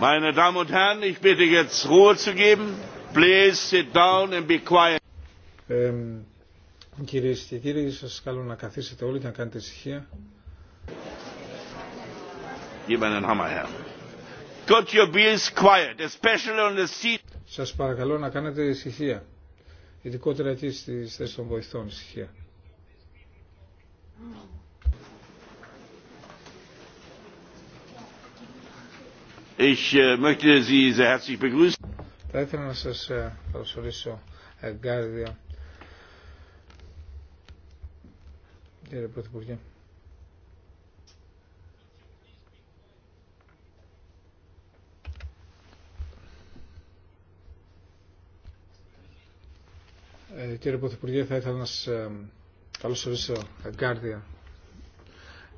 Meine Damen und Herren, ich bitte jetzt Ruhe zu geben. Please sit down and be quiet. Κυρίες και κύριοι, σας καλώ να καθίσετε όλοι και να κάνετε ησυχία. Σας παρακαλώ να κάνετε ησυχία, ειδικότερα εκεί στις θέσεις των βοηθών ησυχία. Äh, θα ήθελα να σας ε, καλωσορίσω εγκάρδια. Κύριε Πρωθυπουργέ. Ε, κύριε Πρωθυπουργέ, θα ήθελα να σας ε, καλωσορίσω εγκάρδια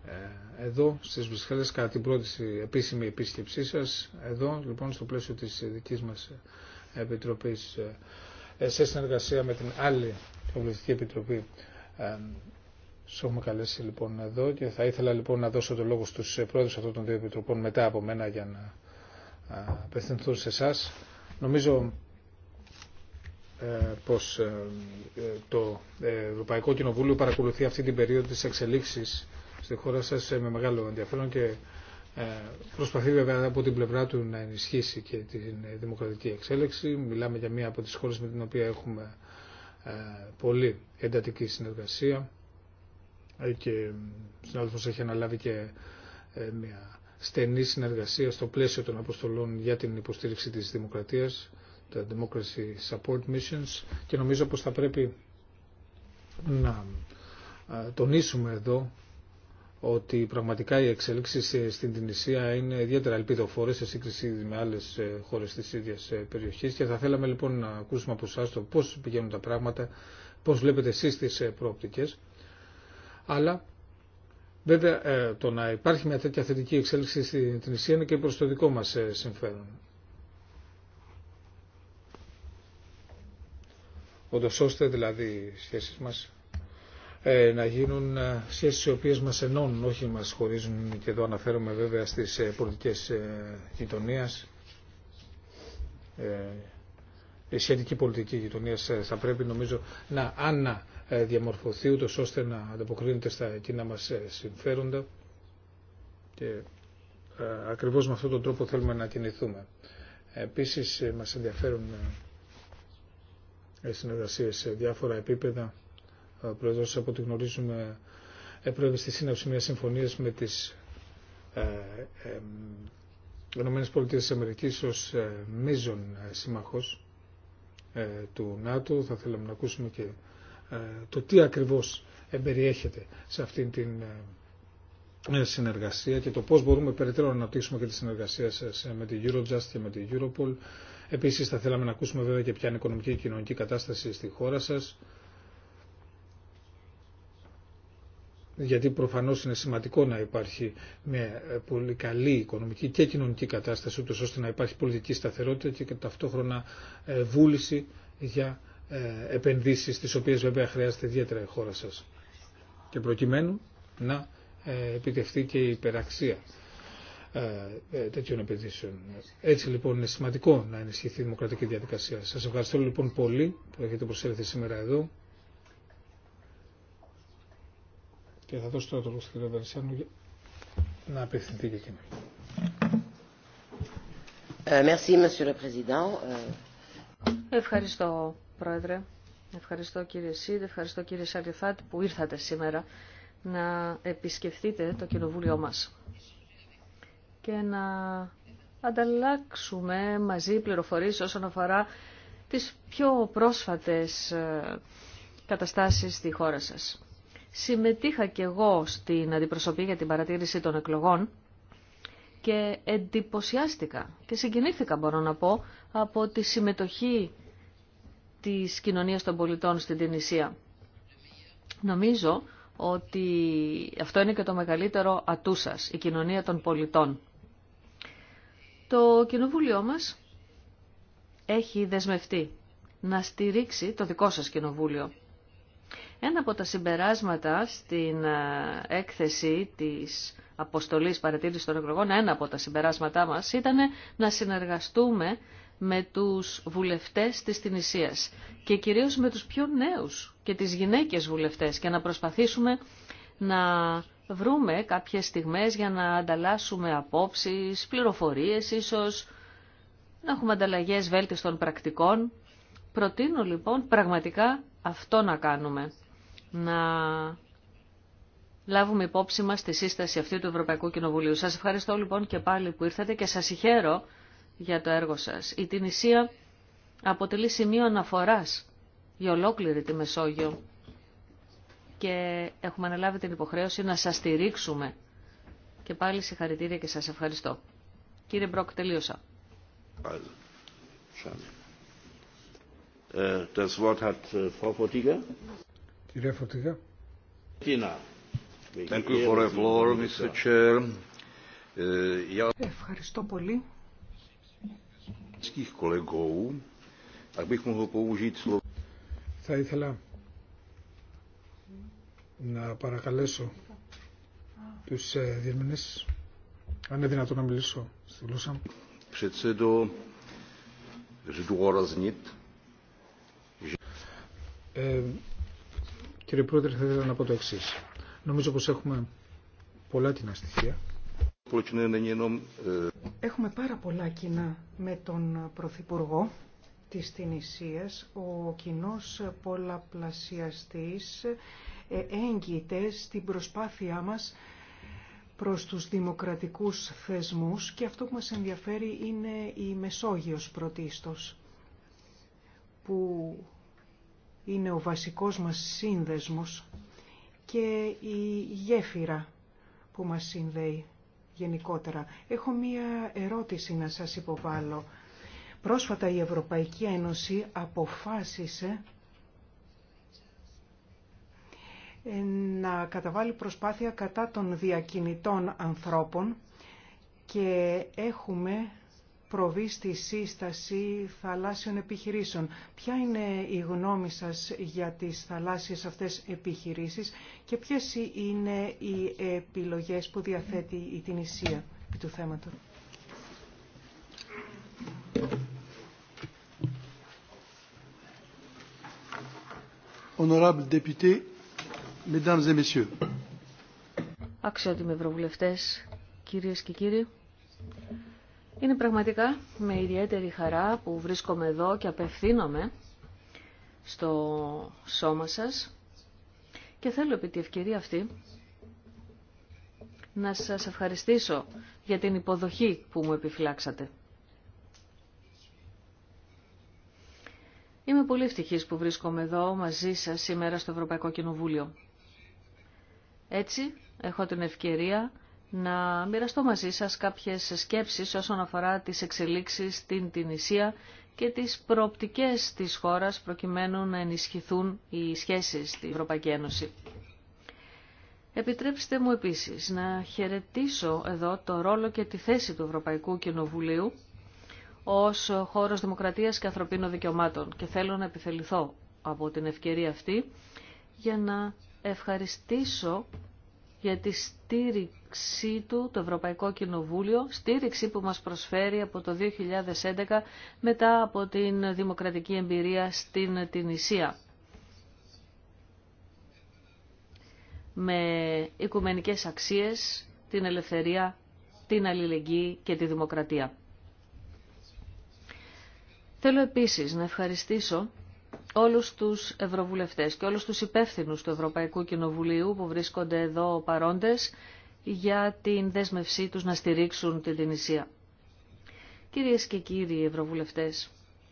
ε, εδώ στις Βρυξέλλες κατά την πρώτη επίσημη επίσκεψή σας, εδώ λοιπόν στο πλαίσιο της δικής μας ε, Επιτροπής ε, σε συνεργασία με την άλλη Κοινοβουλευτική Επιτροπή σας έχουμε καλέσει λοιπόν εδώ και θα ήθελα λοιπόν να δώσω το λόγο στους πρόεδρους αυτών των δύο επιτροπών μετά από μένα για να απευθυνθούν σε εσά. Νομίζω πως το Ευρωπαϊκό Κοινοβούλιο παρακολουθεί αυτή την περίοδο της εξελίξης στη χώρα σας ε, με μεγάλο ενδιαφέρον και ε, προσπαθεί βέβαια από την πλευρά του να ενισχύσει και τη ε, δημοκρατική εξέλιξη. Μιλάμε για μία από τις χώρες με την οποία έχουμε πολύ εντατική συνεργασία και συνάδελφος έχει αναλάβει και μια στενή συνεργασία στο πλαίσιο των αποστολών για την υποστήριξη της δημοκρατίας, τα Democracy Support Missions και νομίζω πως θα πρέπει να τονίσουμε εδώ ότι πραγματικά οι εξέλιξη ε, στην Τινησία είναι ιδιαίτερα ελπιδοφόρε σε σύγκριση με άλλε χώρε τη ίδια ε, περιοχή. και θα θέλαμε λοιπόν να ακούσουμε από εσά το πώ πηγαίνουν τα πράγματα, πώς βλέπετε εσεί τι ε, προοπτικές. Αλλά βέβαια το να υπάρχει μια τέτοια θετική εξέλιξη στην Τινησία είναι και προ το δικό μα συμφέρον. Όντως ώστε δηλαδή οι σχέσει μα. Ε, να γίνουν ε, σχέσεις οι οποίες μας ενώνουν, όχι μας χωρίζουν και εδώ αναφέρομαι βέβαια στις ε, πολιτικές γειτονίας. Η σχετική πολιτική γειτονία θα πρέπει νομίζω να αναδιαμορφωθεί ούτως ώστε να ανταποκρίνεται στα εκείνα μας συμφέροντα και ακριβώς με αυτόν τον τρόπο θέλουμε να κινηθούμε. Επίσης μας ενδιαφέρουν συνεργασίες σε διάφορα επίπεδα ε, Πρόεδρο, από ό,τι γνωρίζουμε, έπρεπε στη σύναψη μια συμφωνία με τι ε, ε, ΗΠΑ ω ε, μείζον ε, σύμμαχος ε, του ΝΑΤΟ. Θα θέλαμε να ακούσουμε και το τι ακριβώ εμπεριέχεται σε αυτήν την συνεργασία και το πώ μπορούμε περαιτέρω να αναπτύξουμε και τη συνεργασία σα με την Eurojust και με την Europol. Επίσης θα θέλαμε να ακούσουμε βέβαια και ποια είναι η οικονομική και κοινωνική κατάσταση στη χώρα σας γιατί προφανώς είναι σημαντικό να υπάρχει μια ε, πολύ καλή οικονομική και κοινωνική κατάσταση, ούτως ώστε να υπάρχει πολιτική σταθερότητα και ταυτόχρονα ε, βούληση για ε, επενδύσεις, τις οποίες βέβαια χρειάζεται ιδιαίτερα η χώρα σας. Και προκειμένου να επιτευχθεί και η υπεραξία τέτοιων επενδύσεων. Έτσι λοιπόν είναι σημαντικό να ενισχυθεί η δημοκρατική διαδικασία. Σας ευχαριστώ λοιπόν πολύ που έχετε προσέλθει σήμερα εδώ Και θα δώσω το λόγο στην κυρία Βερσιάνου για να απευθυνθεί και εκείνη. Ε, ε, Ευχαριστώ, Πρόεδρε. Ευχαριστώ, κύριε Σίδ. Ευχαριστώ, κύριε Σαριφάτ, που ήρθατε σήμερα να επισκεφτείτε το κοινοβούλιο μας και να ανταλλάξουμε μαζί πληροφορίες όσον αφορά τις πιο πρόσφατες ε, καταστάσεις στη χώρα σας συμμετείχα και εγώ στην αντιπροσωπή για την παρατήρηση των εκλογών και εντυπωσιάστηκα και συγκινήθηκα μπορώ να πω από τη συμμετοχή της κοινωνίας των πολιτών στην Τινησία. Νομίζω ότι αυτό είναι και το μεγαλύτερο ατού η κοινωνία των πολιτών. Το κοινοβούλιο μας έχει δεσμευτεί να στηρίξει το δικό σας κοινοβούλιο ένα από τα συμπεράσματα στην ε, έκθεση της αποστολής παρατήρησης των εκλογών, ένα από τα συμπεράσματά μας ήταν να συνεργαστούμε με τους βουλευτές της Τινησίας και κυρίως με τους πιο νέους και τις γυναίκες βουλευτές και να προσπαθήσουμε να βρούμε κάποιες στιγμές για να ανταλλάσσουμε απόψεις, πληροφορίες ίσως, να έχουμε ανταλλαγές βέλτιστων πρακτικών. Προτείνω λοιπόν πραγματικά αυτό να κάνουμε να λάβουμε υπόψη μας τη σύσταση αυτή του Ευρωπαϊκού Κοινοβουλίου. Σας ευχαριστώ λοιπόν και πάλι που ήρθατε και σας συγχαίρω για το έργο σας. Η Τινησία αποτελεί σημείο αναφοράς για ολόκληρη τη Μεσόγειο και έχουμε αναλάβει την υποχρέωση να σας στηρίξουμε. Και πάλι συγχαρητήρια και σας ευχαριστώ. Κύριε Μπρόκ, τελείωσα. Das Wort hat Κύριε Φωτίγα. Ε, Ευχαριστώ πολύ. Θα ήθελα να παρακαλέσω τους ε, διερμηνείς αν είναι δυνατόν να μιλήσω στη γλώσσα μου. Ε, Κύριε Πρόεδρε, θα ήθελα να πω το εξή. Νομίζω πως έχουμε πολλά κοινά στοιχεία. Έχουμε πάρα πολλά κοινά με τον Πρωθυπουργό της Τινησίας. Ο κοινός πολλαπλασιαστής ε, έγκυται στην προσπάθειά μας προς τους δημοκρατικούς θεσμούς και αυτό που μας ενδιαφέρει είναι η Μεσόγειος πρωτίστως που είναι ο βασικός μας σύνδεσμος και η γέφυρα που μας συνδέει γενικότερα. Έχω μία ερώτηση να σας υποβάλω. Πρόσφατα η Ευρωπαϊκή Ένωση αποφάσισε να καταβάλει προσπάθεια κατά των διακινητών ανθρώπων και έχουμε προβεί στη σύσταση θαλάσσιων επιχειρήσεων. Ποια είναι η γνώμη σας για τις θαλάσσιες αυτές επιχειρήσεις και ποιες είναι οι επιλογές που διαθέτει η Τινησία του θέματος. Honorable député, mesdames et messieurs. Αξιότιμοι ευρωβουλευτές, κυρίες και κύριοι. Είναι πραγματικά με ιδιαίτερη χαρά που βρίσκομαι εδώ και απευθύνομαι στο σώμα σας και θέλω επί τη ευκαιρία αυτή να σας ευχαριστήσω για την υποδοχή που μου επιφυλάξατε. Είμαι πολύ ευτυχής που βρίσκομαι εδώ μαζί σας σήμερα στο Ευρωπαϊκό Κοινοβούλιο. Έτσι έχω την ευκαιρία να μοιραστώ μαζί σας κάποιες σκέψεις όσον αφορά τις εξελίξεις στην Τινησία και τις προοπτικές της χώρας προκειμένου να ενισχυθούν οι σχέσεις στην Ευρωπαϊκή Ένωση. Επιτρέψτε μου επίσης να χαιρετήσω εδώ το ρόλο και τη θέση του Ευρωπαϊκού Κοινοβουλίου ως χώρος δημοκρατίας και ανθρωπίνων δικαιωμάτων και θέλω να επιθεληθώ από την ευκαιρία αυτή για να ευχαριστήσω για τη στήριξή του το Ευρωπαϊκό Κοινοβούλιο, στήριξη που μας προσφέρει από το 2011 μετά από την δημοκρατική εμπειρία στην Τινησία. Με οικουμενικές αξίες, την ελευθερία, την αλληλεγγύη και τη δημοκρατία. Θέλω επίσης να ευχαριστήσω όλους τους ευρωβουλευτές και όλους τους υπεύθυνους του Ευρωπαϊκού Κοινοβουλίου που βρίσκονται εδώ παρόντες για την δέσμευσή τους να στηρίξουν την Τινησία. Κυρίες και κύριοι ευρωβουλευτές,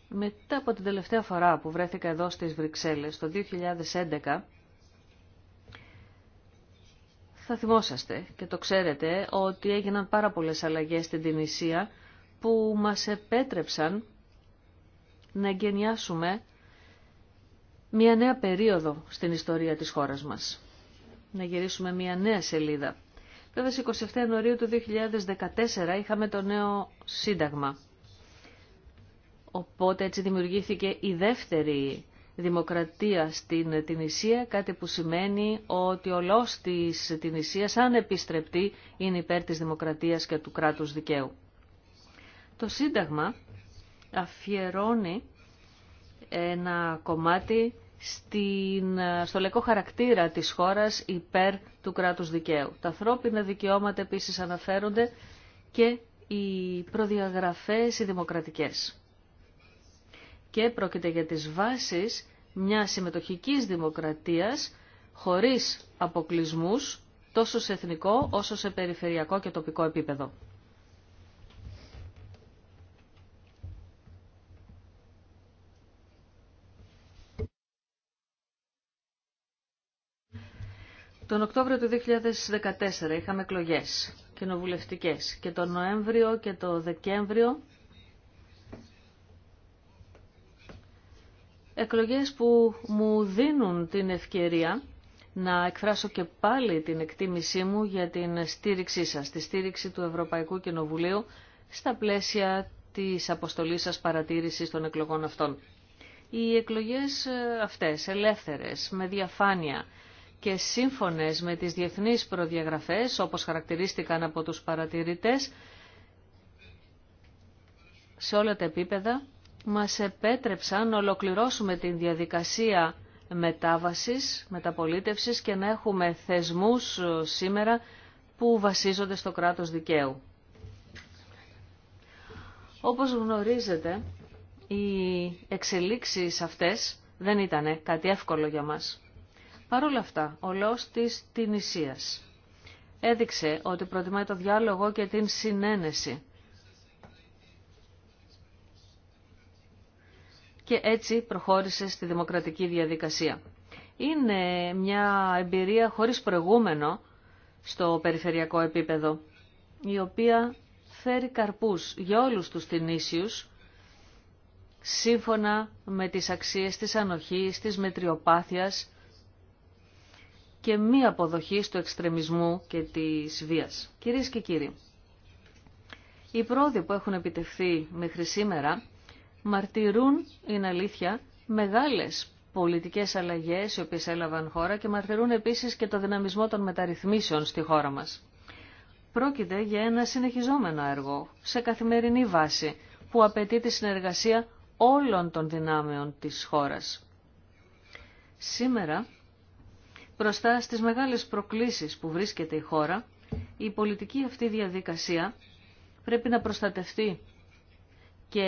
μετά από την τελευταία φορά που βρέθηκα εδώ στις Βρυξέλλες το 2011, θα θυμόσαστε και το ξέρετε ότι έγιναν πάρα πολλές αλλαγές στην Τινησία που μας επέτρεψαν να εγκαινιάσουμε μια νέα περίοδο στην ιστορία της χώρας μας. Να γυρίσουμε μια νέα σελίδα. Βέβαια, στις 27 Ιανουαρίου του 2014 είχαμε το νέο σύνταγμα. Οπότε έτσι δημιουργήθηκε η δεύτερη δημοκρατία στην Τινησία, κάτι που σημαίνει ότι ο τη της αν ανεπιστρεπτή είναι υπέρ της δημοκρατίας και του κράτους δικαίου. Το Σύνταγμα αφιερώνει ένα κομμάτι στην, στο λεκό χαρακτήρα της χώρας υπέρ του κράτους δικαίου. Τα ανθρώπινα δικαιώματα επίσης αναφέρονται και οι προδιαγραφές οι δημοκρατικές. Και πρόκειται για τις βάσεις μια συμμετοχικής δημοκρατίας χωρίς αποκλισμούς τόσο σε εθνικό όσο σε περιφερειακό και τοπικό επίπεδο. Τον Οκτώβριο του 2014 είχαμε εκλογέ κοινοβουλευτικέ και τον Νοέμβριο και το Δεκέμβριο εκλογές που μου δίνουν την ευκαιρία να εκφράσω και πάλι την εκτίμησή μου για την στήριξή σας, τη στήριξη του Ευρωπαϊκού Κοινοβουλίου στα πλαίσια της αποστολής σας παρατήρησης των εκλογών αυτών. Οι εκλογές ε, αυτές, ελεύθερες, με διαφάνεια, και σύμφωνες με τις διεθνείς προδιαγραφές, όπως χαρακτηρίστηκαν από τους παρατηρητές, σε όλα τα επίπεδα, μας επέτρεψαν να ολοκληρώσουμε την διαδικασία μετάβασης, μεταπολίτευσης και να έχουμε θεσμούς ε, σήμερα που βασίζονται στο κράτος δικαίου. Όπως γνωρίζετε, οι εξελίξεις αυτές δεν ήταν κάτι εύκολο για μας. Παρ' όλα αυτά, ο λαός της Τινησίας έδειξε ότι προτιμάει το διάλογο και την συνένεση. Και έτσι προχώρησε στη δημοκρατική διαδικασία. Είναι μια εμπειρία χωρίς προηγούμενο στο περιφερειακό επίπεδο, η οποία φέρει καρπούς για όλους τους τινήσιους, σύμφωνα με τις αξίες της ανοχής, της μετριοπάθειας, και μη αποδοχή του εξτρεμισμού και της βίας. Κυρίες και κύριοι, οι πρόοδοι που έχουν επιτευχθεί μέχρι σήμερα μαρτυρούν, είναι αλήθεια, μεγάλες πολιτικές αλλαγές οι οποίες έλαβαν χώρα και μαρτυρούν επίσης και το δυναμισμό των μεταρρυθμίσεων στη χώρα μας. Πρόκειται για ένα συνεχιζόμενο έργο, σε καθημερινή βάση, που απαιτεί τη συνεργασία όλων των δυνάμεων της χώρας. Σήμερα Μπροστά στις μεγάλες προκλήσεις που βρίσκεται η χώρα, η πολιτική αυτή διαδικασία πρέπει να προστατευτεί και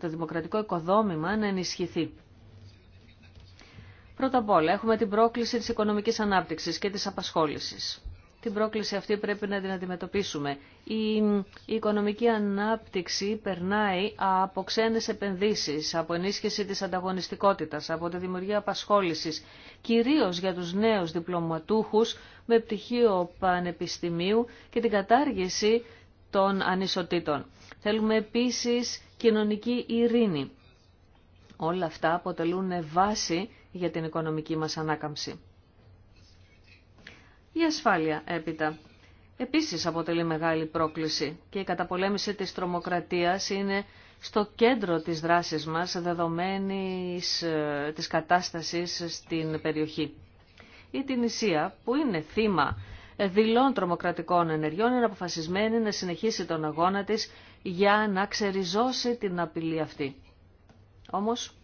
το δημοκρατικό οικοδόμημα να ενισχυθεί. Πρώτα απ' όλα έχουμε την πρόκληση της οικονομικής ανάπτυξης και της απασχόλησης την πρόκληση αυτή πρέπει να την αντιμετωπίσουμε. Η, οικονομική ανάπτυξη περνάει από ξένες επενδύσεις, από ενίσχυση της ανταγωνιστικότητας, από τη δημιουργία απασχόλησης, κυρίως για τους νέους διπλωματούχους με πτυχίο πανεπιστημίου και την κατάργηση των ανισοτήτων. Θέλουμε επίσης κοινωνική ειρήνη. Όλα αυτά αποτελούν βάση για την οικονομική μας ανάκαμψη. Η ασφάλεια έπειτα. Επίσης αποτελεί μεγάλη πρόκληση και η καταπολέμηση της τρομοκρατίας είναι στο κέντρο της δράσης μας δεδομένης ε, της κατάστασης στην περιοχή. Η Τινησία που είναι θύμα δηλών τρομοκρατικών ενεργειών είναι αποφασισμένη να συνεχίσει τον αγώνα της για να ξεριζώσει την απειλή αυτή. Όμως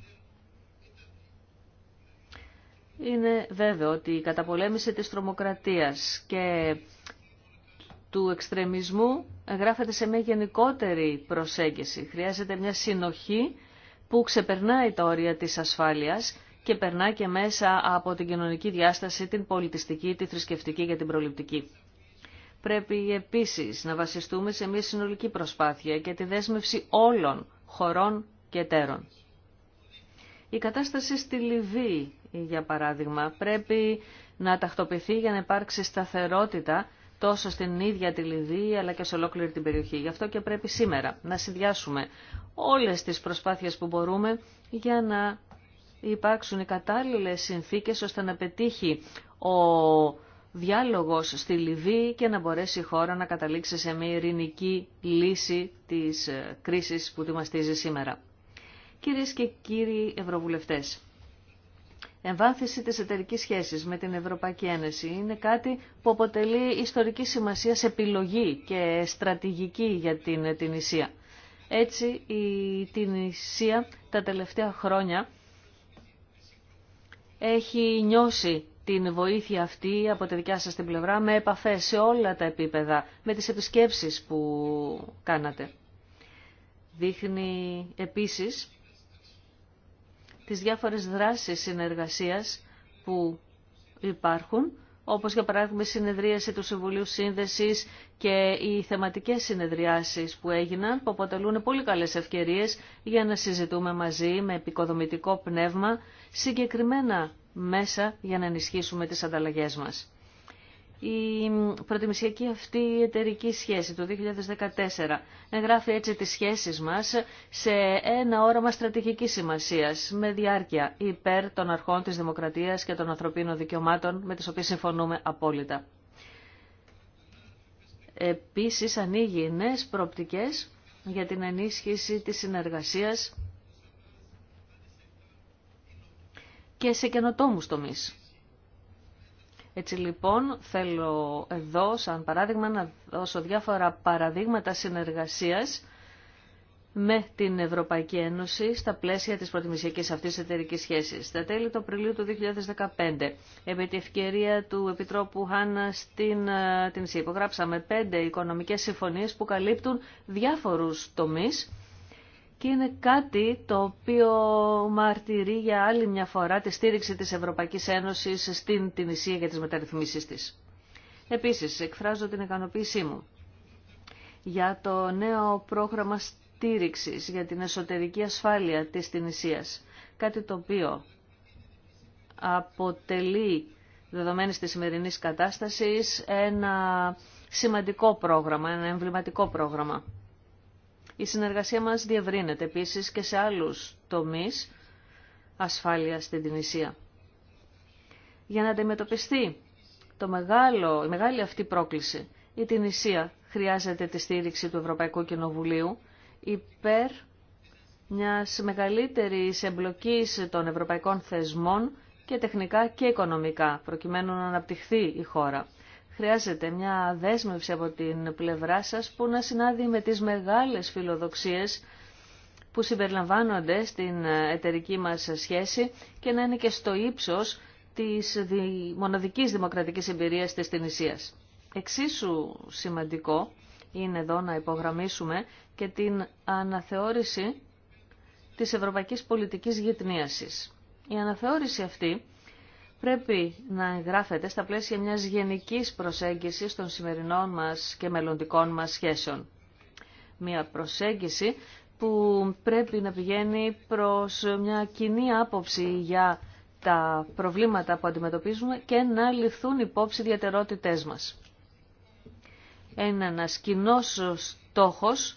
είναι βέβαιο ότι η καταπολέμηση της τρομοκρατίας και του εξτρεμισμού γράφεται σε μια γενικότερη προσέγγιση. Χρειάζεται μια συνοχή που ξεπερνάει τα όρια της ασφάλειας και περνά και μέσα από την κοινωνική διάσταση, την πολιτιστική, τη θρησκευτική και την προληπτική. Πρέπει επίσης να βασιστούμε σε μια συνολική προσπάθεια και τη δέσμευση όλων χωρών και εταίρων. Η κατάσταση στη Λιβύη, για παράδειγμα, πρέπει να τακτοποιηθεί για να υπάρξει σταθερότητα τόσο στην ίδια τη Λιβύη αλλά και σε ολόκληρη την περιοχή. Γι' αυτό και πρέπει σήμερα να συνδυάσουμε όλες τις προσπάθειες που μπορούμε για να υπάρξουν οι κατάλληλες συνθήκες ώστε να πετύχει ο διάλογος στη Λιβύη και να μπορέσει η χώρα να καταλήξει σε μια ειρηνική λύση της ε, κρίσης που τη μαστίζει σήμερα. Κυρίες και κύριοι Ευρωβουλευτές, εμβάθυνση της εταιρική σχέσης με την Ευρωπαϊκή Ένωση είναι κάτι που αποτελεί ιστορική σημασία σε επιλογή και στρατηγική για την Τινησία. Έτσι η Τινησία τα τελευταία χρόνια έχει νιώσει την βοήθεια αυτή από τη δικιά σας την πλευρά με επαφές σε όλα τα επίπεδα, με τις επισκέψεις που κάνατε. Δείχνει επίσης τις διάφορες δράσεις συνεργασίας που υπάρχουν, όπως για παράδειγμα η συνεδρίαση του Συμβουλίου Σύνδεσης και οι θεματικές συνεδριάσεις που έγιναν, που αποτελούν πολύ καλές ευκαιρίες για να συζητούμε μαζί με επικοδομητικό πνεύμα συγκεκριμένα μέσα για να ενισχύσουμε τις ανταλλαγές μας η προτιμησιακή αυτή η εταιρική σχέση το 2014. Εγγράφει έτσι τις σχέσεις μας σε ένα όραμα στρατηγικής σημασίας, με διάρκεια υπέρ των αρχών της δημοκρατίας και των ανθρωπίνων δικαιωμάτων, με τις οποίες συμφωνούμε απόλυτα. Επίσης ανοίγει νέες προοπτικές για την ενίσχυση της συνεργασίας και σε καινοτόμους τομείς. Έτσι λοιπόν θέλω εδώ σαν παράδειγμα να δώσω διάφορα παραδείγματα συνεργασίας με την Ευρωπαϊκή Ένωση στα πλαίσια της προτιμησιακής αυτής εταιρικής σχέσης. Στα τέλη του Απριλίου του 2015, επί τη ευκαιρία του Επιτρόπου Χάνα στην ε, την υπογράψαμε πέντε οικονομικές συμφωνίες που καλύπτουν διάφορους τομείς και είναι κάτι το οποίο μαρτυρεί για άλλη μια φορά τη στήριξη της Ευρωπαϊκής Ένωσης στην Τινησία για τις μεταρρυθμίσεις της. Επίσης, εκφράζω την ικανοποίησή μου για το νέο πρόγραμμα στήριξης για την εσωτερική ασφάλεια της Τινησίας, κάτι το οποίο αποτελεί, δεδομένης της σημερινής κατάστασης, ένα σημαντικό πρόγραμμα, ένα εμβληματικό πρόγραμμα. Η συνεργασία μας διευρύνεται επίσης και σε άλλους τομείς ασφάλεια στην Τινησία. Για να αντιμετωπιστεί το μεγάλο, η μεγάλη αυτή πρόκληση, η Τινησία χρειάζεται τη στήριξη του Ευρωπαϊκού Κοινοβουλίου υπέρ μιας μεγαλύτερης εμπλοκής των ευρωπαϊκών θεσμών και τεχνικά και οικονομικά, προκειμένου να αναπτυχθεί η χώρα. Χρειάζεται μια δέσμευση από την πλευρά σας που να συνάδει με τις μεγάλες φιλοδοξίες που συμπεριλαμβάνονται στην εταιρική μας σχέση και να είναι και στο ύψος της μοναδικής δημοκρατικής εμπειρίας της Τινησίας. Εξίσου σημαντικό είναι εδώ να υπογραμμίσουμε και την αναθεώρηση της ευρωπαϊκής πολιτικής γυτνίασης. Η αναθεώρηση αυτή πρέπει να εγγράφεται στα πλαίσια μιας γενικής προσέγγισης των σημερινών μας και μελλοντικών μας σχέσεων. Μια προσέγγιση που πρέπει να πηγαίνει προς μια κοινή άποψη για τα προβλήματα που αντιμετωπίζουμε και να ληφθούν υπόψη διατερότητες μας. Ένα ένας κοινός στόχος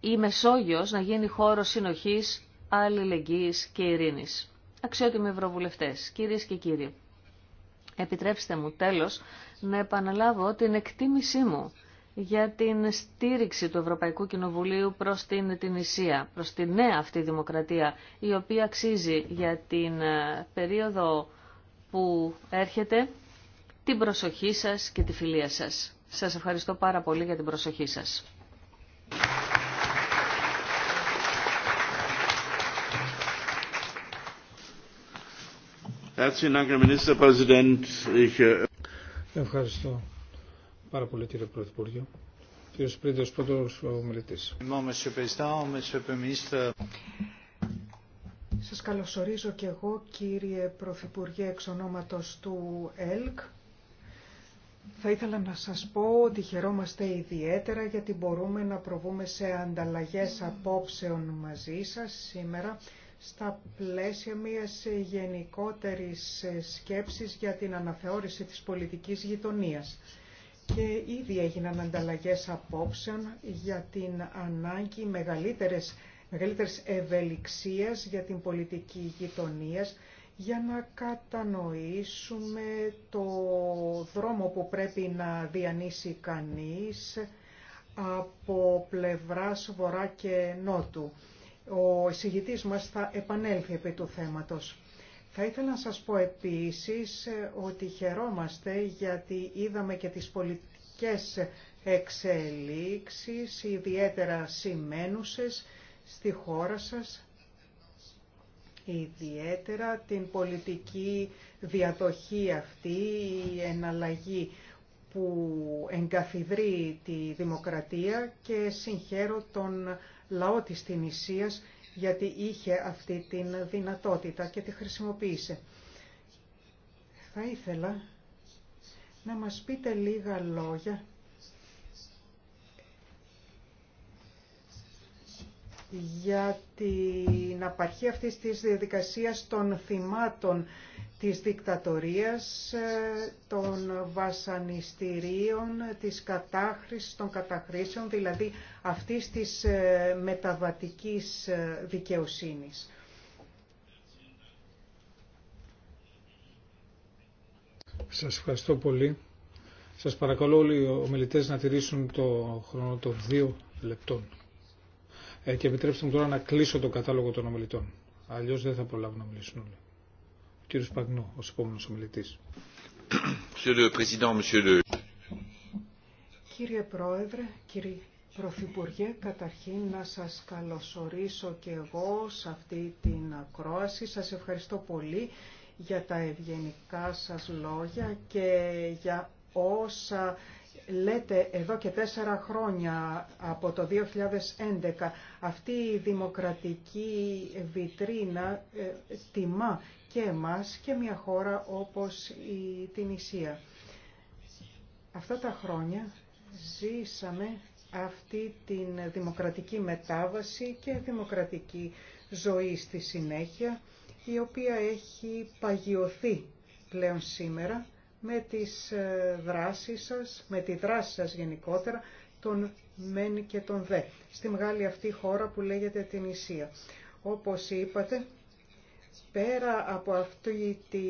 η Μεσόγειος να γίνει χώρο συνοχής, αλληλεγγύης και ειρήνης. Αξιότιμοι ευρωβουλευτέ, κυρίες και κύριοι, επιτρέψτε μου τέλος να επαναλάβω την εκτίμησή μου για την στήριξη του Ευρωπαϊκού Κοινοβουλίου προς την Τινησία, προς τη νέα αυτή δημοκρατία, η οποία αξίζει για την ε, περίοδο που έρχεται την προσοχή σας και τη φιλία σας. Σας ευχαριστώ πάρα πολύ για την προσοχή σας. Äh, Ευχαριστώ πάρα πολύ κύριε Πρωθυπουργέ. Κύριος Πρίδιος, πρώτος ο μιλητής. Σας καλωσορίζω και εγώ κύριε Πρωθυπουργέ εξ ονόματος του ΕΛΚ. Θα ήθελα να σας πω ότι χαιρόμαστε ιδιαίτερα γιατί μπορούμε να προβούμε σε ανταλλαγές απόψεων μαζί σας σήμερα στα πλαίσια μιας γενικότερης σκέψης για την αναθεώρηση της πολιτικής γειτονίας. Και ήδη έγιναν ανταλλαγές απόψεων για την ανάγκη μεγαλύτερες, μεγαλύτερης ευελιξίας για την πολιτική γειτονίας για να κατανοήσουμε το δρόμο που πρέπει να διανύσει κανείς από πλευράς βορρά και νότου ο εισηγητής μας θα επανέλθει επί του θέματος. Θα ήθελα να σας πω επίσης ε, ότι χαιρόμαστε γιατί είδαμε και τις πολιτικές εξελίξεις, ιδιαίτερα σημαίνουσες στη χώρα σας, ιδιαίτερα την πολιτική διαδοχή αυτή, η εναλλαγή που εγκαθιδρεί τη δημοκρατία και συγχαίρω τον λαό της Τινησίας γιατί είχε αυτή την δυνατότητα και τη χρησιμοποίησε. Θα ήθελα να μας πείτε λίγα λόγια για την απαρχή αυτής της διαδικασίας των θυμάτων της δικτατορίας, ε, των βασανιστήριων, της κατάχρησης, των καταχρήσεων, δηλαδή αυτής της ε, μεταβατικής ε, δικαιοσύνης. Σας ευχαριστώ πολύ. Σας παρακαλώ όλοι οι ομιλητές να τηρήσουν το χρόνο των δύο λεπτών. Ε, και επιτρέψτε μου τώρα να κλείσω τον κατάλογο των ομιλητών. Αλλιώ δεν θα προλάβουν να μιλήσουν όλοι. Ο κύριο Παγνού, ω επόμενο ομιλητή. Κύριε Πρόεδρε, κύριε Πρωθυπουργέ, καταρχήν να σας καλωσορίσω και εγώ σε αυτή την ακρόαση. Σας ευχαριστώ πολύ για τα ευγενικά σας λόγια και για όσα Λέτε εδώ και τέσσερα χρόνια από το 2011 αυτή η δημοκρατική βιτρίνα ε, τιμά και εμάς και μια χώρα όπως η Ισία. Αυτά τα χρόνια ζήσαμε αυτή την δημοκρατική μετάβαση και δημοκρατική ζωή στη συνέχεια η οποία έχει παγιωθεί πλέον σήμερα με τις ε, δράσεις σας, με τη δράση σας γενικότερα, τον μεν και τον δε, στη μεγάλη αυτή χώρα που λέγεται την Ισία. Όπως είπατε, πέρα από αυτή τη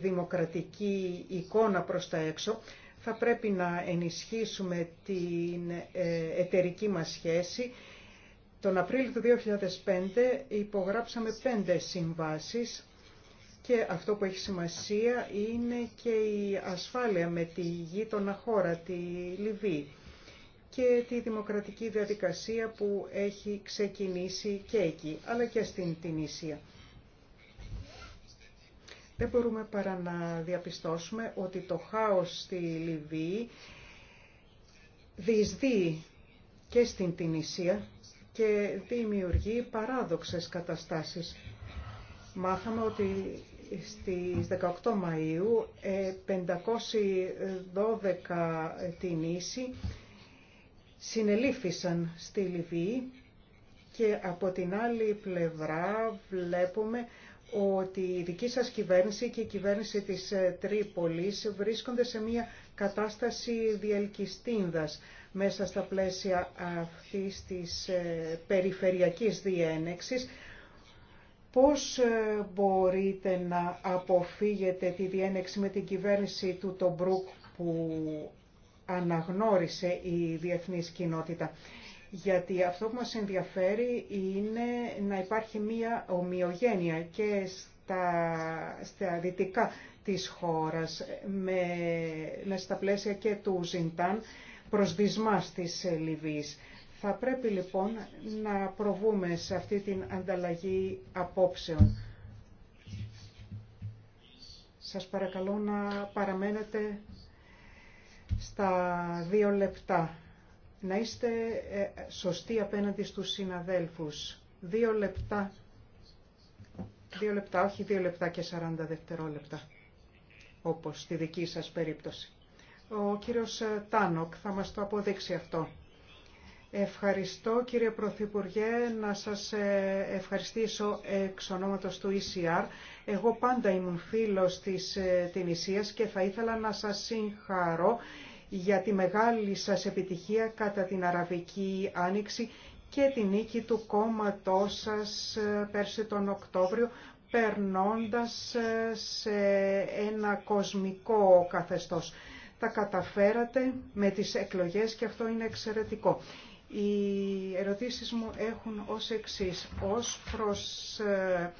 δημοκρατική εικόνα προς τα έξω, θα πρέπει να ενισχύσουμε την ε, εταιρική μας σχέση. Τον Απρίλιο του 2005 υπογράψαμε πέντε συμβάσεις και αυτό που έχει σημασία είναι και η ασφάλεια με τη γείτονα χώρα, τη Λιβύη και τη δημοκρατική διαδικασία που έχει ξεκινήσει και εκεί, αλλά και στην Τινήσια. Δεν μπορούμε παρά να διαπιστώσουμε ότι το χάος στη Λιβύη διεισδύει και στην Τινησία και δημιουργεί παράδοξες καταστάσεις. Μάθαμε ότι στις 18 Μαΐου 512 την ίση συνελήφθησαν στη Λιβύη και από την άλλη πλευρά βλέπουμε ότι η δική σας κυβέρνηση και η κυβέρνηση της ε, Τρίπολης βρίσκονται σε μια κατάσταση διελκυστίνδας μέσα στα πλαίσια αυτής της ε, περιφερειακής διένεξης Πώς ε, μπορείτε να αποφύγετε τη διένεξη με την κυβέρνηση του Τομπρούκ που αναγνώρισε η διεθνής κοινότητα. Γιατί αυτό που μας ενδιαφέρει είναι να υπάρχει μία ομοιογένεια και στα, στα δυτικά της χώρας, με, στα πλαίσια και του Ζιντάν, προς δυσμάς της Λιβύης. Θα πρέπει λοιπόν να προβούμε σε αυτή την ανταλλαγή απόψεων. Σας παρακαλώ να παραμένετε στα δύο λεπτά. Να είστε ε, σωστοί απέναντι στους συναδέλφους. Δύο λεπτά. Δύο λεπτά, όχι δύο λεπτά και 40 δευτερόλεπτα, όπως στη δική σας περίπτωση. Ο κύριος Τάνοκ θα μας το αποδείξει αυτό. Ευχαριστώ κύριε Πρωθυπουργέ να σας ε, ευχαριστήσω εξ ονόματος του ECR. Εγώ πάντα ήμουν φίλος της ε, Τινησίας και θα ήθελα να σας συγχαρώ για τη μεγάλη σας επιτυχία κατά την Αραβική Άνοιξη και την νίκη του κόμματός σας ε, πέρσι τον Οκτώβριο περνώντας σε ένα κοσμικό καθεστώς. Τα καταφέρατε με τις εκλογές και αυτό είναι εξαιρετικό. Οι ερωτήσεις μου έχουν ως εξής. Ως προς ε,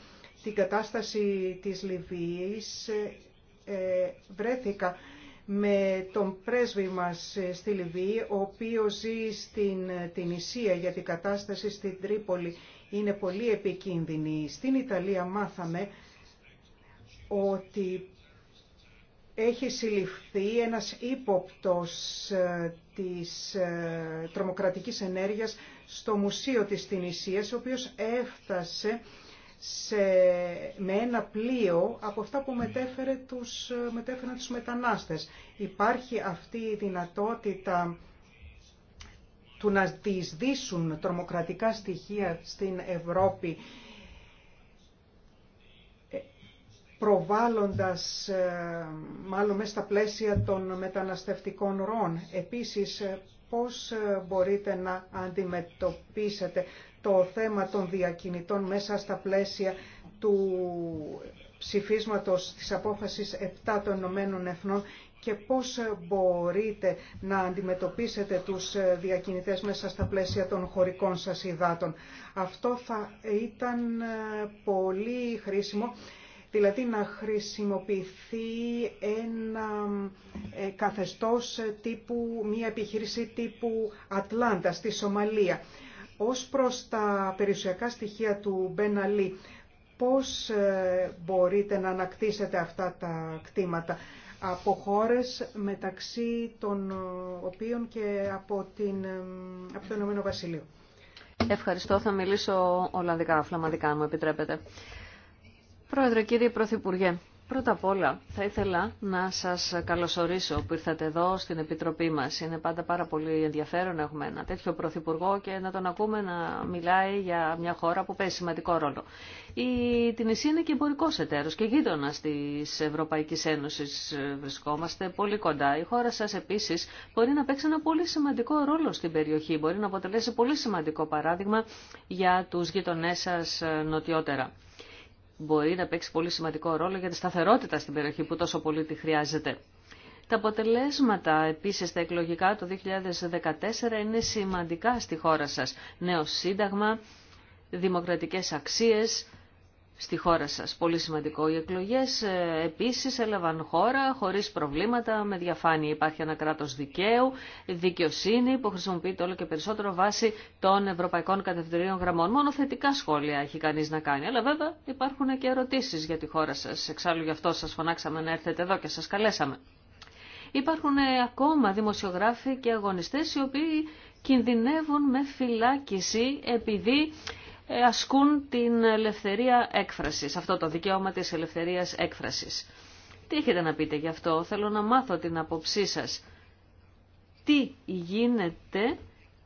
την κατάσταση της Λιβύης ε, βρέθηκα με τον πρέσβη μας ε, στη Λιβύη, ο οποίος ζει στην την Ισία για την κατάσταση στην Τρίπολη. Είναι πολύ επικίνδυνη. Στην Ιταλία μάθαμε ότι έχει συλληφθεί ένας ύποπτος ε, της ε, τρομοκρατικής ενέργειας στο Μουσείο της Τινησίας, ο οποίος έφτασε σε, με ένα πλοίο από αυτά που μετέφερε τους, ε, μετέφεραν τους μετανάστες. Υπάρχει αυτή η δυνατότητα του να διεισδύσουν τρομοκρατικά στοιχεία στην Ευρώπη προβάλλοντας ε, μάλλον μέσα στα πλαίσια των μεταναστευτικών ροών. Επίσης, πώς ε, μπορείτε να αντιμετωπίσετε το θέμα των διακινητών μέσα στα πλαίσια του ψηφίσματος της απόφασης 7 των Ηνωμένων Εθνών και πώς ε, μπορείτε να αντιμετωπίσετε τους διακινητές μέσα στα πλαίσια των χωρικών σας υδάτων. Αυτό θα ήταν πολύ χρήσιμο δηλαδή να χρησιμοποιηθεί ένα ε, καθεστώς τύπου, μια επιχείρηση τύπου Ατλάντα στη Σομαλία. Ως προς τα περιουσιακά στοιχεία του Μπέναλι πώς ε, μπορείτε να ανακτήσετε αυτά τα κτήματα από χώρες μεταξύ των ε, οποίων και από, την, από το Ηνωμένο Βασιλείο. Ευχαριστώ. Θα μιλήσω Ολλανδικά, Φλαμανδικά, αν μου επιτρέπετε. Πρόεδρε, κύριε Πρωθυπουργέ, πρώτα απ' όλα θα ήθελα να σας καλωσορίσω που ήρθατε εδώ στην Επιτροπή μας. Είναι πάντα πάρα πολύ ενδιαφέρον να έχουμε ένα τέτοιο Πρωθυπουργό και να τον ακούμε να μιλάει για μια χώρα που παίζει σημαντικό ρόλο. Η Τινησία είναι και εμπορικό εταίρο και γείτονα τη Ευρωπαϊκή Ένωση βρισκόμαστε πολύ κοντά. Η χώρα σα επίση μπορεί να παίξει ένα πολύ σημαντικό ρόλο στην περιοχή, μπορεί να αποτελέσει πολύ σημαντικό παράδειγμα για του γειτονέ σα νοτιότερα μπορεί να παίξει πολύ σημαντικό ρόλο για τη σταθερότητα στην περιοχή που τόσο πολύ τη χρειάζεται. Τα αποτελέσματα επίσης τα εκλογικά το 2014 είναι σημαντικά στη χώρα σας. Νέο σύνταγμα, δημοκρατικές αξίες, στη χώρα σας. Πολύ σημαντικό. Οι εκλογές ε, επίσης έλαβαν χώρα χωρίς προβλήματα, με διαφάνεια. Υπάρχει ένα κράτος δικαίου, δικαιοσύνη που χρησιμοποιείται όλο και περισσότερο βάσει των ευρωπαϊκών κατευθυντηρίων γραμμών. Μόνο θετικά σχόλια έχει κανείς να κάνει. Αλλά βέβαια υπάρχουν και ερωτήσεις για τη χώρα σας. Εξάλλου γι' αυτό σας φωνάξαμε να έρθετε εδώ και σας καλέσαμε. Υπάρχουν ε, ακόμα δημοσιογράφοι και αγωνιστές οι οποίοι κινδυνεύουν με φυλάκιση επειδή ε, ασκούν την ελευθερία έκφρασης, αυτό το δικαίωμα της ελευθερίας έκφρασης. Τι έχετε να πείτε γι' αυτό, θέλω να μάθω την απόψή σας. Τι γίνεται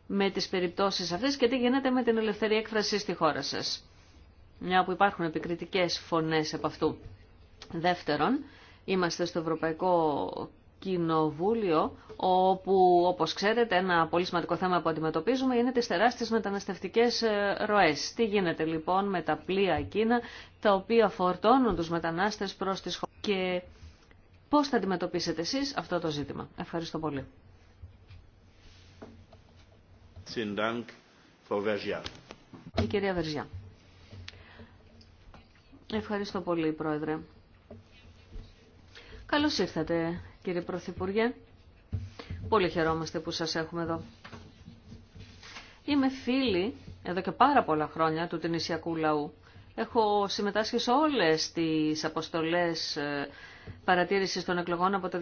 με τις περιπτώσεις αυτές και τι γίνεται με την ελευθερία έκφραση στη χώρα σας. Μια που υπάρχουν επικριτικές φωνές από αυτού. Δεύτερον, είμαστε στο Ευρωπαϊκό κοινοβούλιο όπου όπως ξέρετε ένα πολύ σημαντικό θέμα που αντιμετωπίζουμε είναι τις τεράστιες μεταναστευτικές ε, ροές. Τι γίνεται λοιπόν με τα πλοία εκείνα τα οποία φορτώνουν τους μετανάστες προς τις χώρες και πώς θα αντιμετωπίσετε εσείς αυτό το ζήτημα. Ευχαριστώ πολύ. Η κυρία Βεργιά. Ευχαριστώ πολύ, Πρόεδρε. Καλώς ήρθατε, κύριε Πρωθυπουργέ. Πολύ χαιρόμαστε που σας έχουμε εδώ. Είμαι φίλη εδώ και πάρα πολλά χρόνια του Τινησιακού λαού. Έχω συμμετάσχει σε όλες τις αποστολές ε, παρατήρησης των εκλογών από το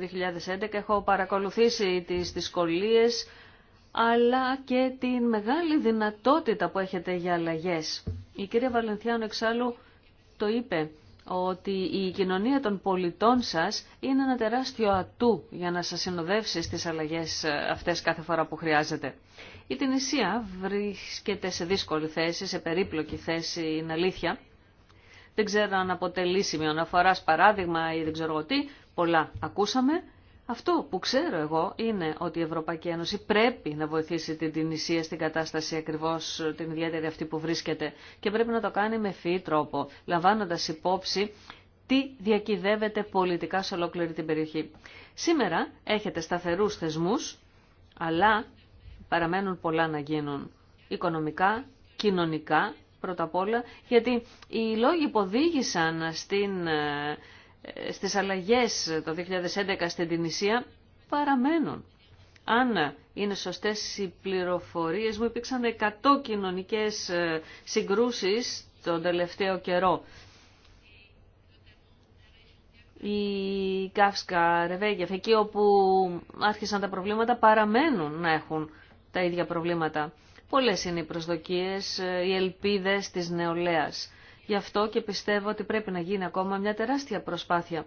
2011. Έχω παρακολουθήσει τις δυσκολίες αλλά και την μεγάλη δυνατότητα που έχετε για αλλαγές. Η κυρία Βαλενθιάνο εξάλλου το είπε ότι η κοινωνία των πολιτών σας είναι ένα τεράστιο ατού για να σας συνοδεύσει στις αλλαγές ε, αυτές κάθε φορά που χρειάζεται. Η Τινησία βρίσκεται σε δύσκολη θέση, σε περίπλοκη θέση, είναι αλήθεια. Δεν ξέρω αν αποτελεί σημείο αναφορά παράδειγμα ή δεν ξέρω τι, πολλά ακούσαμε αυτό που ξέρω εγώ είναι ότι η Ευρωπαϊκή Ένωση πρέπει να βοηθήσει την Τινησία στην κατάσταση ακριβώς την ιδιαίτερη αυτή που βρίσκεται και πρέπει να το κάνει με φυή τρόπο, λαμβάνοντας υπόψη τι διακυδεύεται πολιτικά σε ολόκληρη την περιοχή. Σήμερα έχετε σταθερούς θεσμούς, αλλά παραμένουν πολλά να γίνουν οικονομικά, κοινωνικά, πρώτα απ' όλα, γιατί οι λόγοι που οδήγησαν στην ε, στις αλλαγές το 2011 στην Τινησία παραμένουν. Αν είναι σωστές οι πληροφορίες μου, υπήρξαν 100 κοινωνικές ε, συγκρούσεις τον τελευταίο καιρό. Η Κάφσκα, Ρεβέγεφ, εκεί όπου άρχισαν τα προβλήματα, παραμένουν να έχουν τα ίδια προβλήματα. Πολλές είναι οι προσδοκίες, ε, οι ελπίδες της νεολαίας. Γι' αυτό και πιστεύω ότι πρέπει να γίνει ακόμα μια τεράστια προσπάθεια.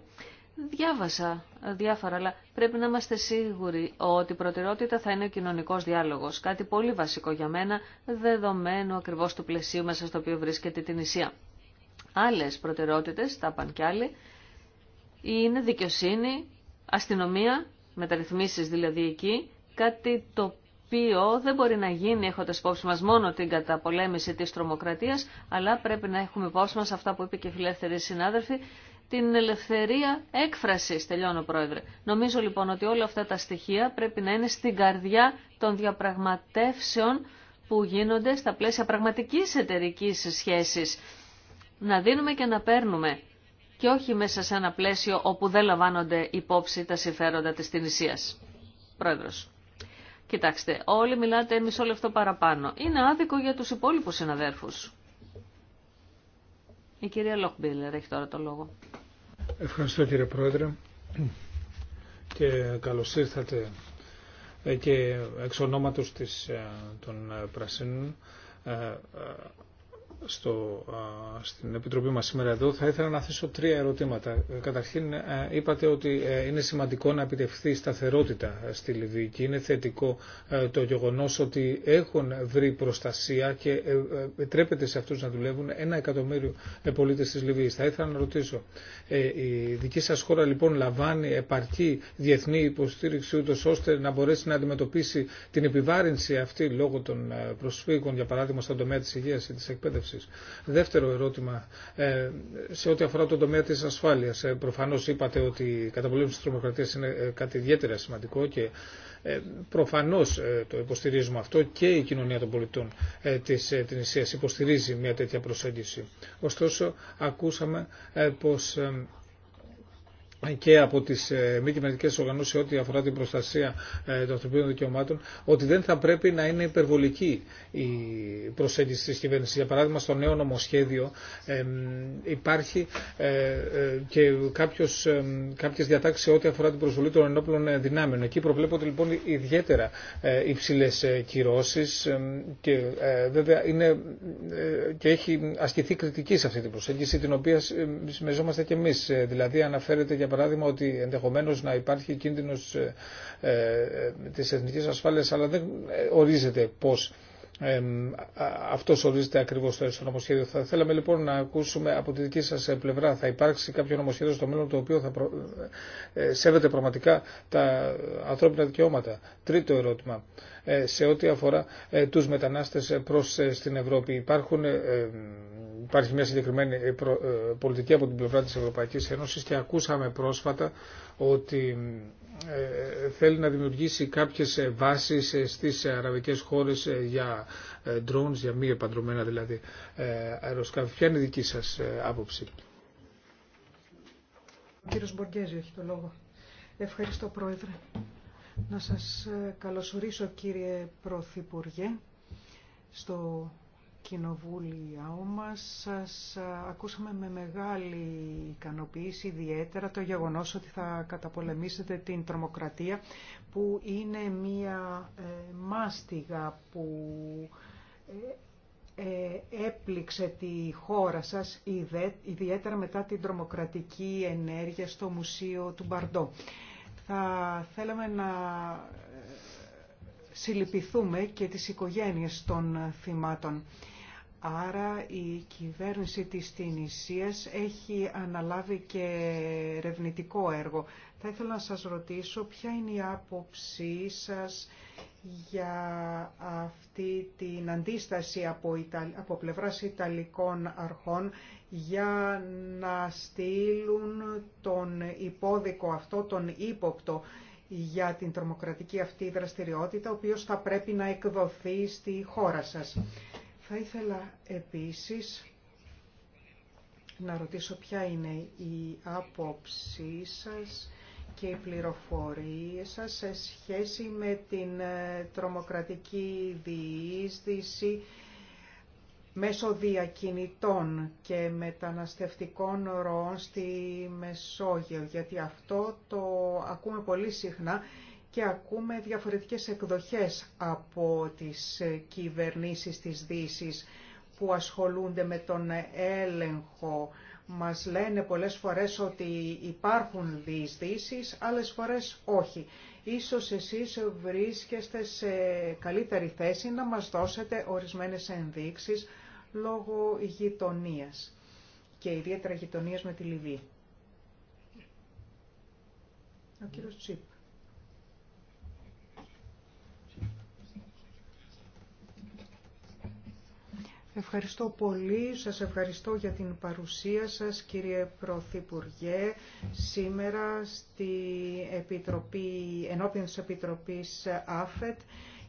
Διάβασα διάφορα, αλλά πρέπει να είμαστε σίγουροι ότι η προτεραιότητα θα είναι ο κοινωνικό διάλογο. Κάτι πολύ βασικό για μένα, δεδομένου ακριβώ του πλαισίου μέσα στο οποίο βρίσκεται την Ισία. Άλλε προτεραιότητε, τα είπαν κι άλλοι, είναι δικαιοσύνη, αστυνομία, μεταρρυθμίσει δηλαδή εκεί, κάτι το οποίο δεν μπορεί να γίνει έχοντα υπόψη μα μόνο την καταπολέμηση τη τρομοκρατία, αλλά πρέπει να έχουμε υπόψη μας αυτά που είπε και η Φιλεύθερη συνάδελφοι, την ελευθερία έκφραση, τελειώνω πρόεδρε. Νομίζω λοιπόν ότι όλα αυτά τα στοιχεία πρέπει να είναι στην καρδιά των διαπραγματεύσεων που γίνονται στα πλαίσια πραγματική εταιρική σχέση. Να δίνουμε και να παίρνουμε και όχι μέσα σε ένα πλαίσιο όπου δεν λαμβάνονται υπόψη τα συμφέροντα της Τινησίας. Πρόεδρος. Κοιτάξτε, όλοι μιλάτε μισό λεπτό παραπάνω. Είναι άδικο για τους υπόλοιπους συναδέρφους. Η κυρία Λοχμπίλερ έχει τώρα το λόγο. Ευχαριστώ κύριε Πρόεδρε και καλώς ήρθατε ε, και εξ ονόματος της, ε, των ε, Πρασίνων στο, στην Επιτροπή μας σήμερα εδώ, θα ήθελα να θέσω τρία ερωτήματα. Ε, καταρχήν, ε, είπατε ότι ε, είναι σημαντικό να επιτευχθεί σταθερότητα στη Λιβύη και είναι θετικό το γεγονός ότι έχουν βρει προστασία και επιτρέπεται σε αυτούς να δουλεύουν ένα εκατομμύριο πολίτες της Λιβύης. Θα ήθελα να ρωτήσω, η δική σας χώρα λοιπόν λαμβάνει επαρκή διεθνή υποστήριξη ούτως ώστε να μπορέσει να αντιμετωπίσει την επιβάρυνση αυτή λόγω των προσφύγων, για παράδειγμα στον τομέα της υγείας ή της εκπαίδευσης. Δεύτερο ερώτημα, ε, σε ό,τι αφορά τον τομέα της ασφάλειας. Ε, προφανώς είπατε ότι η καταπολέμηση της τρομοκρατίας είναι ε, κάτι ιδιαίτερα σημαντικό και προφανώς το υποστηρίζουμε αυτό και η κοινωνία των πολιτών της Ισίας υποστηρίζει μια τέτοια προσέγγιση. Ωστόσο, ακούσαμε πως και από τις ε, μη κυβερνητικέ οργανώσεις ό,τι αφορά την προστασία ε, των ανθρωπίνων δικαιωμάτων ότι δεν θα πρέπει να είναι υπερβολική η προσέγγιση τη κυβέρνηση. Για παράδειγμα στο νέο νομοσχέδιο υπάρχει ε, και κάποιε κάποιες διατάξεις ό,τι αφορά την προσβολή των ενόπλων δυνάμεων. Εκεί προβλέπονται λοιπόν ιδιαίτερα υψηλές κυρώσεις και βέβαια είναι και έχει ασκηθεί κριτική σε αυτή την προσέγγιση την οποία συμμεριζόμαστε και εμεί, Δηλαδή αναφέρεται για παράδειγμα ότι ενδεχομένως να υπάρχει κίνδυνος ε, ε, της εθνικής ασφάλειας αλλά δεν ε, ορίζεται πώς ε, Αυτό ορίζεται ακριβώ στο νομοσχέδιο. Θα θέλαμε λοιπόν να ακούσουμε από τη δική σα πλευρά. Θα υπάρξει κάποιο νομοσχέδιο στο μέλλον το οποίο θα προ... σέβεται πραγματικά τα ανθρώπινα δικαιώματα. Τρίτο ερώτημα. σε ό,τι αφορά του μετανάστε προ στην Ευρώπη υπάρχουν υπάρχει μια συγκεκριμένη ε, ε, πολιτική από την πλευρά της Ευρωπαϊκής Ένωσης και ακούσαμε πρόσφατα ότι ε, θέλει να δημιουργήσει κάποιες βάσεις στις αραβικές χώρες για drones, για μη επαντρωμένα δηλαδή αεροσκάφη. Ποια είναι η δική σας άποψη. κύριος Μποργέζη έχει το λόγο. Ευχαριστώ Πρόεδρε. Να σας καλωσορίσω κύριε Πρωθυπουργέ στο Κοινοβούλια, όμως, σας ακούσαμε με μεγάλη ικανοποίηση ιδιαίτερα το γεγονός ότι θα καταπολεμήσετε την τρομοκρατία που είναι μία ε, μάστιγα που ε, ε, έπληξε τη χώρα σας ιδιαίτερα μετά την τρομοκρατική ενέργεια στο Μουσείο του Μπαρντό. Θα θέλαμε να ε, συλληπιθούμε και τις οικογένειες των θυμάτων. Άρα η κυβέρνηση της Τινησίας έχει αναλάβει και ερευνητικό έργο. Θα ήθελα να σας ρωτήσω ποια είναι η άποψή σας για αυτή την αντίσταση από, πλευρά πλευράς Ιταλικών αρχών για να στείλουν τον υπόδικο αυτό, τον ύποπτο για την τρομοκρατική αυτή δραστηριότητα, ο οποίος θα πρέπει να εκδοθεί στη χώρα σας. Θα ήθελα επίσης να ρωτήσω ποια είναι η άποψή σας και οι πληροφορίες σας σε σχέση με την ε, τρομοκρατική διείσδυση μέσω διακινητών και μεταναστευτικών ροών στη Μεσόγειο, γιατί αυτό το ακούμε πολύ συχνά και ακούμε διαφορετικές εκδοχές από τις κυβερνήσεις της Δύσης που ασχολούνται με τον έλεγχο. Μας λένε πολλές φορές ότι υπάρχουν διεισδύσεις, άλλες φορές όχι. Ίσως εσείς βρίσκεστε σε καλύτερη θέση να μας δώσετε ορισμένες ενδείξεις λόγω γειτονίας και ιδιαίτερα γειτονίας με τη Λιβύη. Ο Ευχαριστώ πολύ. Σας ευχαριστώ για την παρουσία σας, κύριε Πρωθυπουργέ, σήμερα στη Επιτροπή, ενώπιον της Επιτροπής ΑΦΕΤ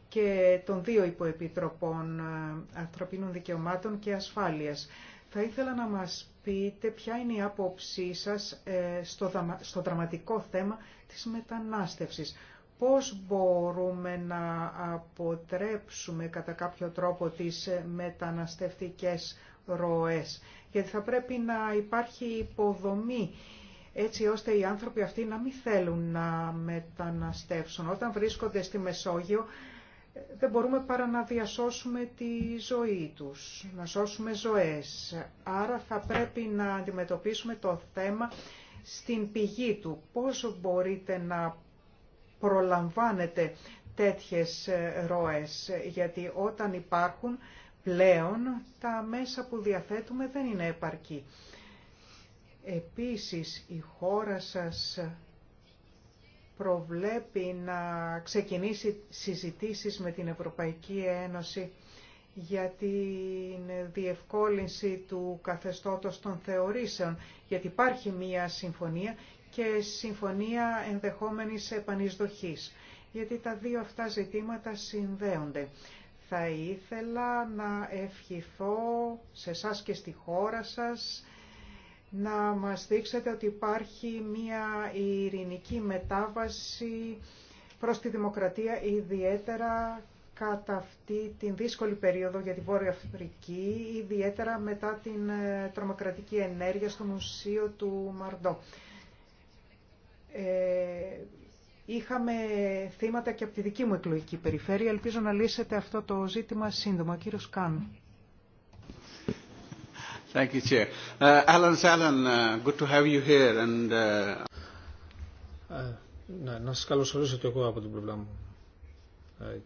και των δύο υποεπιτροπών ε, ανθρωπίνων δικαιωμάτων και ασφάλειας. Θα ήθελα να μας πείτε ποια είναι η άποψή σας ε, στο, στο δραματικό θέμα της μετανάστευσης πώς μπορούμε να αποτρέψουμε κατά κάποιο τρόπο τις μεταναστευτικές ροές. Γιατί θα πρέπει να υπάρχει υποδομή έτσι ώστε οι άνθρωποι αυτοί να μην θέλουν να μεταναστεύσουν. Όταν βρίσκονται στη Μεσόγειο δεν μπορούμε παρά να διασώσουμε τη ζωή τους, να σώσουμε ζωές. Άρα θα πρέπει να αντιμετωπίσουμε το θέμα στην πηγή του. Πώς μπορείτε να προλαμβάνετε τέτοιες ε, ροές, γιατί όταν υπάρχουν πλέον τα μέσα που διαθέτουμε δεν είναι επαρκή. Επίσης η χώρα σας προβλέπει να ξεκινήσει συζητήσεις με την Ευρωπαϊκή Ένωση για την διευκόλυνση του καθεστώτος των θεωρήσεων, γιατί υπάρχει μία συμφωνία και συμφωνία ενδεχόμενης επανεισδοχής, γιατί τα δύο αυτά ζητήματα συνδέονται. Θα ήθελα να ευχηθώ σε εσά και στη χώρα σας να μας δείξετε ότι υπάρχει μια ειρηνική μετάβαση προς τη δημοκρατία, ιδιαίτερα κατά αυτή την δύσκολη περίοδο για τη Βόρεια Αφρική, ιδιαίτερα μετά την ε, τρομοκρατική ενέργεια στο Μουσείο του Μαρντό. Ε, είχαμε θύματα και από τη δική μου εκλογική περιφέρεια. Ελπίζω να λύσετε αυτό το ζήτημα σύντομα. Κύριο Κάν. να σας καλωσορίσω και εγώ από την πλευρά μου. Ε,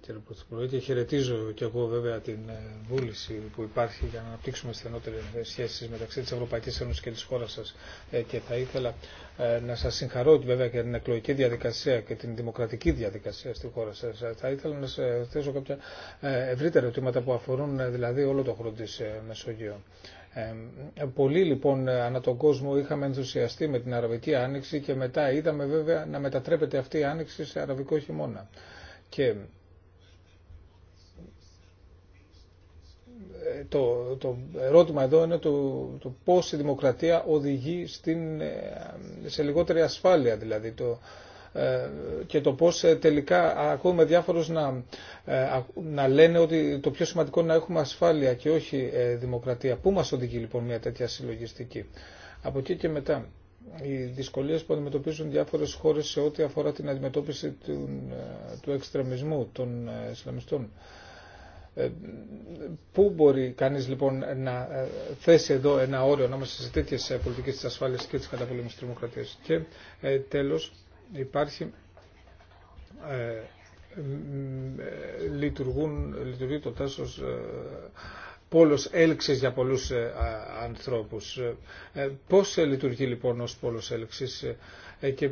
κύριε Πρωθυπουργέ και χαιρετίζω και εγώ βέβαια την ε, βούληση που υπάρχει για να αναπτύξουμε στενότερες ε, σχέσει μεταξύ τη Ευρωπαϊκή Ένωση και της χώρας σας και θα ήθελα να σα συγχαρώ βέβαια και την εκλογική διαδικασία και την δημοκρατική διαδικασία στη χώρα σα. Θα ήθελα να σα θέσω κάποια ευρύτερα ερωτήματα που αφορούν δηλαδή όλο το χρόνο τη Μεσογείου. Ε, πολλοί λοιπόν ανά τον κόσμο είχαμε ενθουσιαστεί με την Αραβική Άνοιξη και μετά είδαμε βέβαια να μετατρέπεται αυτή η Άνοιξη σε Αραβικό χειμώνα. Και ε, το, το ερώτημα εδώ είναι το, το πώς η δημοκρατία οδηγεί στην, ε, σε λιγότερη ασφάλεια δηλαδή το, ε, και το πώς τελικά ακούμε διάφορους να, να λένε ότι το πιο σημαντικό είναι να έχουμε ασφάλεια και όχι δημοκρατία. Πού μας οδηγεί λοιπόν μια τέτοια συλλογιστική. Από εκεί και μετά οι δυσκολίες που αντιμετωπίζουν διάφορες χώρες σε ό,τι αφορά την αντιμετώπιση του, ε, του εξτρεμισμού των ε, Ισλαμιστών. Ε, πού μπορεί κανείς λοιπόν να θέσει εδώ ένα όριο ανάμεσα σε τέτοιες πολιτικές της ασφάλειας και της καταπολέμησης της Και τέλος υπάρχει λειτουργούν, λειτουργεί το τάσος πόλος έλξης για πολλούς ε, ανθρώπους. Ε, ε, πώς λειτουργεί λοιπόν ως πόλος έλξης και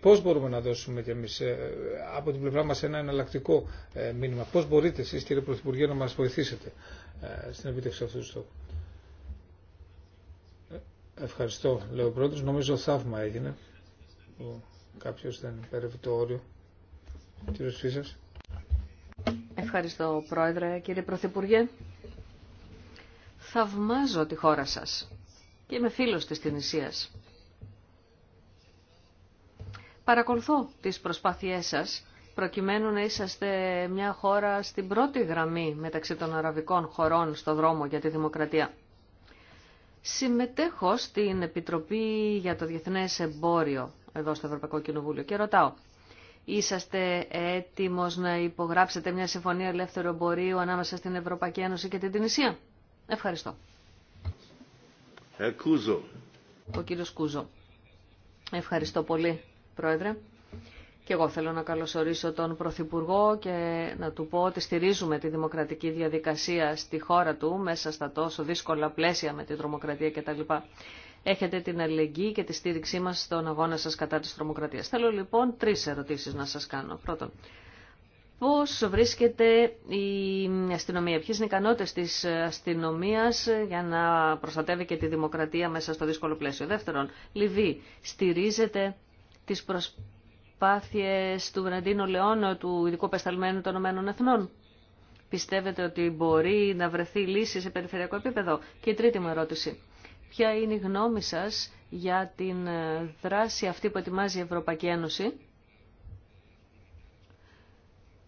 πώς μπορούμε να δώσουμε κι εμείς από την πλευρά μας ένα εναλλακτικό μήνυμα. Πώς μπορείτε εσείς κύριε Πρωθυπουργέ να μας βοηθήσετε στην επίτευξη αυτού του στόχου. Ευχαριστώ, λέω ο Νομίζω θαύμα έγινε που κάποιος δεν υπέρευε το όριο. Κύριος Φίσας. Ευχαριστώ, Πρόεδρε. Κύριε Πρωθυπουργέ, Θαυμάζω τη χώρα σας και είμαι φίλος της Τινησίας. Παρακολουθώ τις προσπάθειές σας προκειμένου να είσαστε μια χώρα στην πρώτη γραμμή μεταξύ των αραβικών χωρών στο δρόμο για τη δημοκρατία. Συμμετέχω στην Επιτροπή για το Διεθνές Εμπόριο εδώ στο Ευρωπαϊκό Κοινοβούλιο και ρωτάω, είσαστε έτοιμος να υπογράψετε μια συμφωνία ελεύθερου εμπορίου ανάμεσα στην Ευρωπαϊκή Ένωση και την Τινησία. Ευχαριστώ. Ο κύριος Κούζο. Ευχαριστώ πολύ, Πρόεδρε. Και εγώ θέλω να καλωσορίσω τον Πρωθυπουργό και να του πω ότι στηρίζουμε τη δημοκρατική διαδικασία στη χώρα του μέσα στα τόσο δύσκολα πλαίσια με την τρομοκρατία κτλ. Έχετε την αλληλεγγύη και τη στήριξή μας στον αγώνα σας κατά της τρομοκρατίας. Θέλω λοιπόν τρεις ερωτήσεις να σας κάνω. Πρώτον, πώς βρίσκεται η αστυνομία, ποιες είναι οι ικανότητες της αστυνομίας για να προστατεύει και τη δημοκρατία μέσα στο δύσκολο πλαίσιο. Δεύτερον, Λιβύη στηρίζεται τις προσπάθειες του Βραντίνου Λεόνου, του ειδικού πεσταλμένου των Ηνωμένων Εθνών. Πιστεύετε ότι μπορεί να βρεθεί λύση σε περιφερειακό επίπεδο. Και η τρίτη μου ερώτηση. Ποια είναι η γνώμη σας για την δράση αυτή που ετοιμάζει η Ευρωπαϊκή Ένωση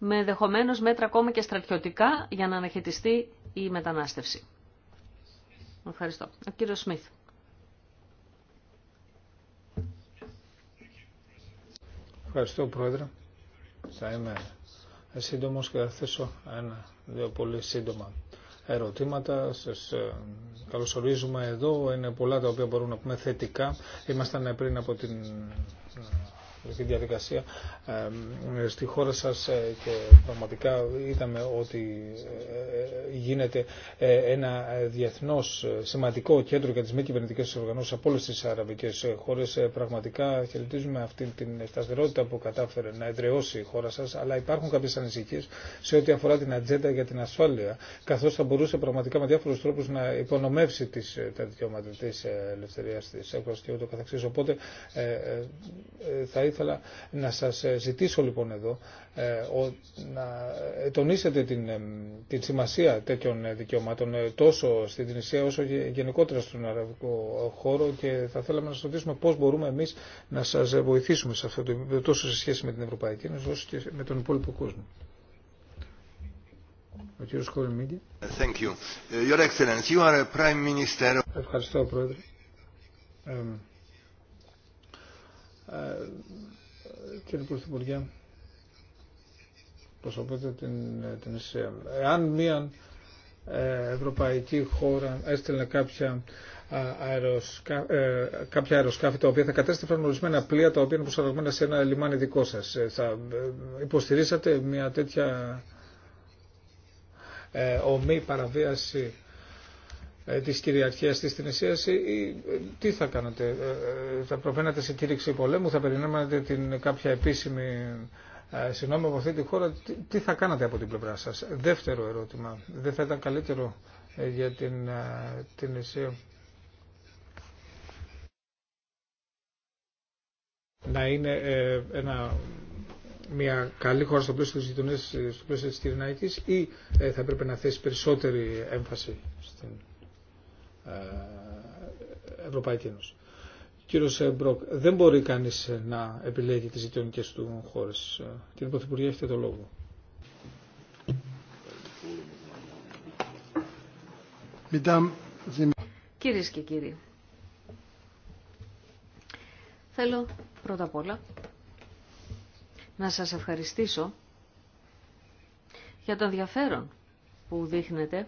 με ενδεχομένω μέτρα ακόμα και στρατιωτικά για να αναχαιτιστεί η μετανάστευση. Ευχαριστώ. Ο κύριος Σμιθ. Ευχαριστώ Πρόεδρε. Θα είμαι σύντομο και θα θέσω ένα-δύο πολύ σύντομα ερωτήματα. Σας ε, καλωσορίζουμε εδώ. Είναι πολλά τα οποία μπορούμε να πούμε θετικά. Ήμασταν πριν από την ε, εκλογική διαδικασία στη χώρα σας ε, και πραγματικά είδαμε ότι ε, ε, γίνεται ένα διεθνώς σημαντικό κέντρο για τις μη κυβερνητικέ οργανώσεις από όλες τις αραβικές χώρες. Πραγματικά χαιρετίζουμε αυτή την σταθερότητα που κατάφερε να εδραιώσει η χώρα σας, αλλά υπάρχουν κάποιες ανησυχίες σε ό,τι αφορά την ατζέντα για την ασφάλεια, καθώς θα μπορούσε πραγματικά με διάφορους τρόπους να υπονομεύσει τις, τα δικαιώματα της ελευθερίας της έκφρασης και ούτω καθεξής. Οπότε θα ήθελα ήθελα να σας ε, ζητήσω λοιπόν εδώ ε, να ε, τονίσετε την, την σημασία τέτοιων δικαιωμάτων τόσο στην Τινησία όσο και γενικότερα στον αραβικό χώρο και θα θέλαμε να σας ρωτήσουμε πώς μπορούμε εμείς να σας βοηθήσουμε σε αυτό το επίπεδο τόσο σε σχέση με την Ευρωπαϊκή Ένωση όσο και με τον υπόλοιπο κόσμο. Ο κύριος Ευχαριστώ, Πρόεδρε. Ε, κύριε Πρωθυπουργέ, προσωπείτε την, την Ισία. Εάν μία ε, ευρωπαϊκή χώρα έστελνε κάποια αεροσκά... Ε, αεροσκάφη τα οποία θα κατέστρεφαν ορισμένα πλοία τα οποία είναι προσαρμοσμένα σε ένα λιμάνι δικό σας. Θα υποστηρίσατε μια τέτοια ε, ομή παραβίαση ε, της κυριαρχίας της Τινησίας ή ε, ε, τι θα κάνετε, θα προβαίνατε σε κήρυξη πολέμου, θα περιμένατε την κάποια επίσημη συνόμη από αυτή τη χώρα, τι θα κάνατε από την πλευρά σας. Δεύτερο ερώτημα, δεν θα ήταν καλύτερο για την Τινησία. να είναι μια καλή χώρα στο πλαίσιο της γειτονίας, στο πλαίσιο της Κυριναϊκής ή θα έπρεπε να θέσει περισσότερη έμφαση στην ε, Ευρωπαϊκή Ένωση. Κύριο ε, Μπροκ, δεν μπορεί κανεί ε, να επιλέγει τι γειτονικέ του χώρε. Κύριε Πρωθυπουργέ, έχετε το λόγο. Κυρίε και κύριοι, θέλω πρώτα απ' όλα να σας ευχαριστήσω για το ενδιαφέρον που δείχνετε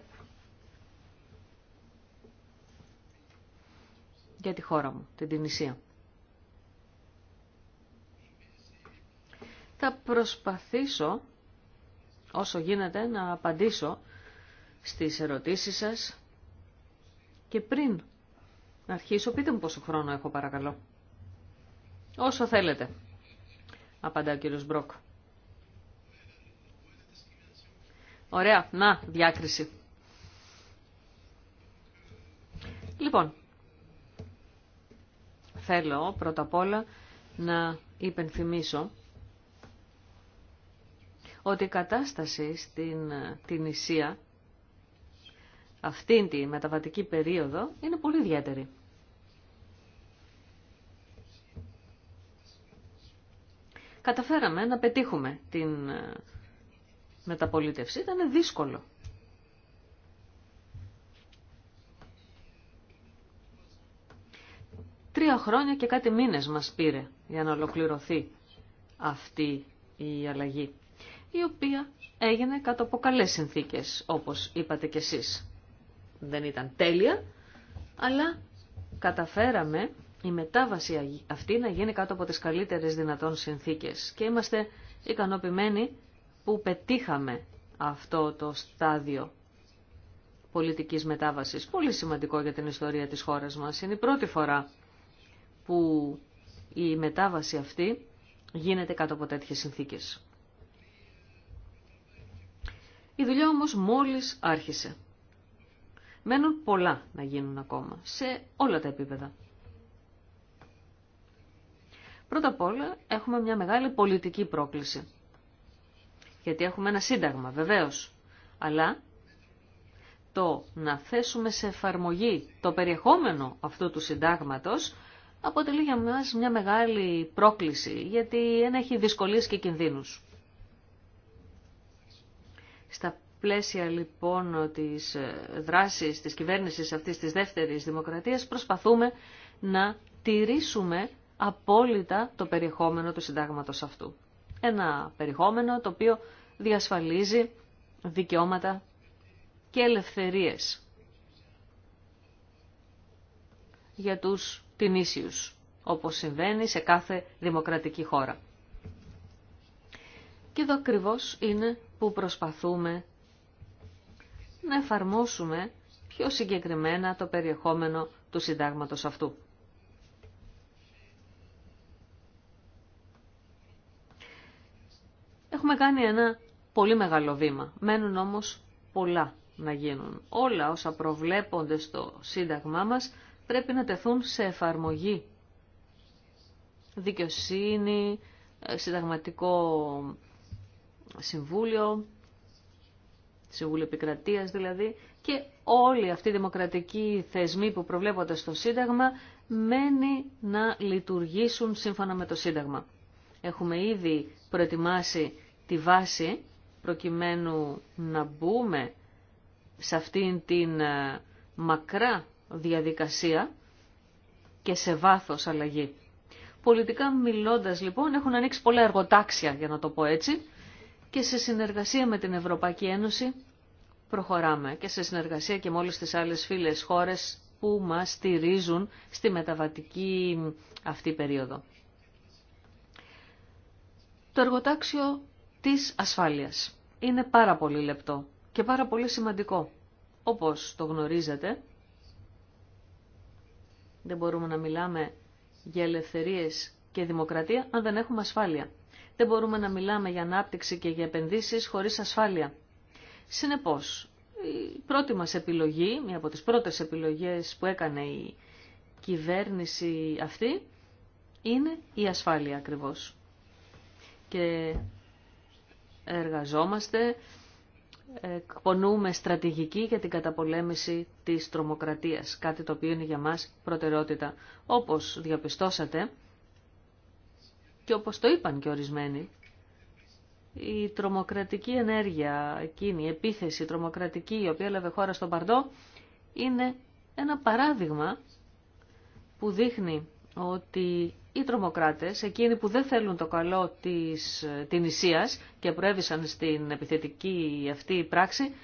για τη χώρα μου, την Τινησία. Θα προσπαθήσω όσο γίνεται να απαντήσω στις ερωτήσεις σας και πριν να αρχίσω πείτε μου πόσο χρόνο έχω παρακαλώ. Όσο θέλετε, απαντά ο κύριος Μπρόκ. Ωραία, να, διάκριση. Λοιπόν, θέλω πρώτα απ' όλα να υπενθυμίσω ότι η κατάσταση στην ε, την Ισία αυτήν τη μεταβατική περίοδο είναι πολύ ιδιαίτερη. Καταφέραμε να πετύχουμε την ε, μεταπολίτευση. Ήταν δύσκολο Τρία χρόνια και κάτι μήνες μας πήρε για να ολοκληρωθεί αυτή η αλλαγή, η οποία έγινε κάτω από καλές συνθήκες, όπως είπατε κι εσείς. Δεν ήταν τέλεια, αλλά καταφέραμε η μετάβαση αυτή να γίνει κάτω από τις καλύτερες δυνατόν συνθήκες και είμαστε ικανοποιημένοι που πετύχαμε αυτό το στάδιο πολιτικής μετάβασης. Πολύ σημαντικό για την ιστορία της χώρας μας. Είναι η πρώτη φορά που η μετάβαση αυτή γίνεται κάτω από τέτοιες συνθήκες. Η δουλειά όμως μόλις άρχισε. Μένουν πολλά να γίνουν ακόμα, σε όλα τα επίπεδα. Πρώτα απ' όλα έχουμε μια μεγάλη πολιτική πρόκληση. Γιατί έχουμε ένα σύνταγμα, βεβαίως. Αλλά το να θέσουμε σε εφαρμογή το περιεχόμενο αυτού του συντάγματος αποτελεί για μας μια μεγάλη πρόκληση, γιατί έχει δυσκολίες και κινδύνους. Στα πλαίσια λοιπόν της δράσης της κυβέρνησης αυτής της δεύτερης δημοκρατίας προσπαθούμε να τηρήσουμε απόλυτα το περιεχόμενο του συντάγματος αυτού. Ένα περιεχόμενο το οποίο διασφαλίζει δικαιώματα και ελευθερίες για τους την ίσιους, όπως συμβαίνει σε κάθε δημοκρατική χώρα. Και εδώ ακριβώ είναι που προσπαθούμε να εφαρμόσουμε πιο συγκεκριμένα το περιεχόμενο του συντάγματος αυτού. Έχουμε κάνει ένα πολύ μεγάλο βήμα. Μένουν όμως πολλά να γίνουν. Όλα όσα προβλέπονται στο σύνταγμά μας πρέπει να τεθούν σε εφαρμογή. Δικαιοσύνη, ε, συνταγματικό συμβούλιο, συμβούλιο επικρατείας δηλαδή, και όλοι αυτοί οι δημοκρατικοί θεσμοί που προβλέπονται στο Σύνταγμα μένει να λειτουργήσουν σύμφωνα με το Σύνταγμα. Έχουμε ήδη προετοιμάσει τη βάση προκειμένου να μπούμε σε αυτήν την ε, μακρά διαδικασία και σε βάθος αλλαγή. Πολιτικά μιλώντας λοιπόν έχουν ανοίξει πολλά εργοτάξια για να το πω έτσι και σε συνεργασία με την Ευρωπαϊκή Ένωση προχωράμε και σε συνεργασία και με όλες τις άλλες φίλες χώρες που μας στηρίζουν στη μεταβατική αυτή περίοδο. Το εργοτάξιο της ασφάλειας είναι πάρα πολύ λεπτό και πάρα πολύ σημαντικό. Όπως το γνωρίζετε, δεν μπορούμε να μιλάμε για ελευθερίες και δημοκρατία αν δεν έχουμε ασφάλεια. Δεν μπορούμε να μιλάμε για ανάπτυξη και για επενδύσεις χωρίς ασφάλεια. Συνεπώς, η πρώτη μας επιλογή, μία από τις πρώτες επιλογές που έκανε η κυβέρνηση αυτή, είναι η ασφάλεια ακριβώς. Και εργαζόμαστε εκπονούμε στρατηγική για την καταπολέμηση της τρομοκρατίας, κάτι το οποίο είναι για μας προτεραιότητα. Όπως διαπιστώσατε και όπως το είπαν και ορισμένοι, η τρομοκρατική ενέργεια εκείνη, η επίθεση τρομοκρατική η οποία έλαβε χώρα στον Παρντό, είναι ένα παράδειγμα που δείχνει ότι οι τρομοκράτες, εκείνοι που δεν θέλουν το καλό της την και προέβησαν στην επιθετική αυτή πράξη,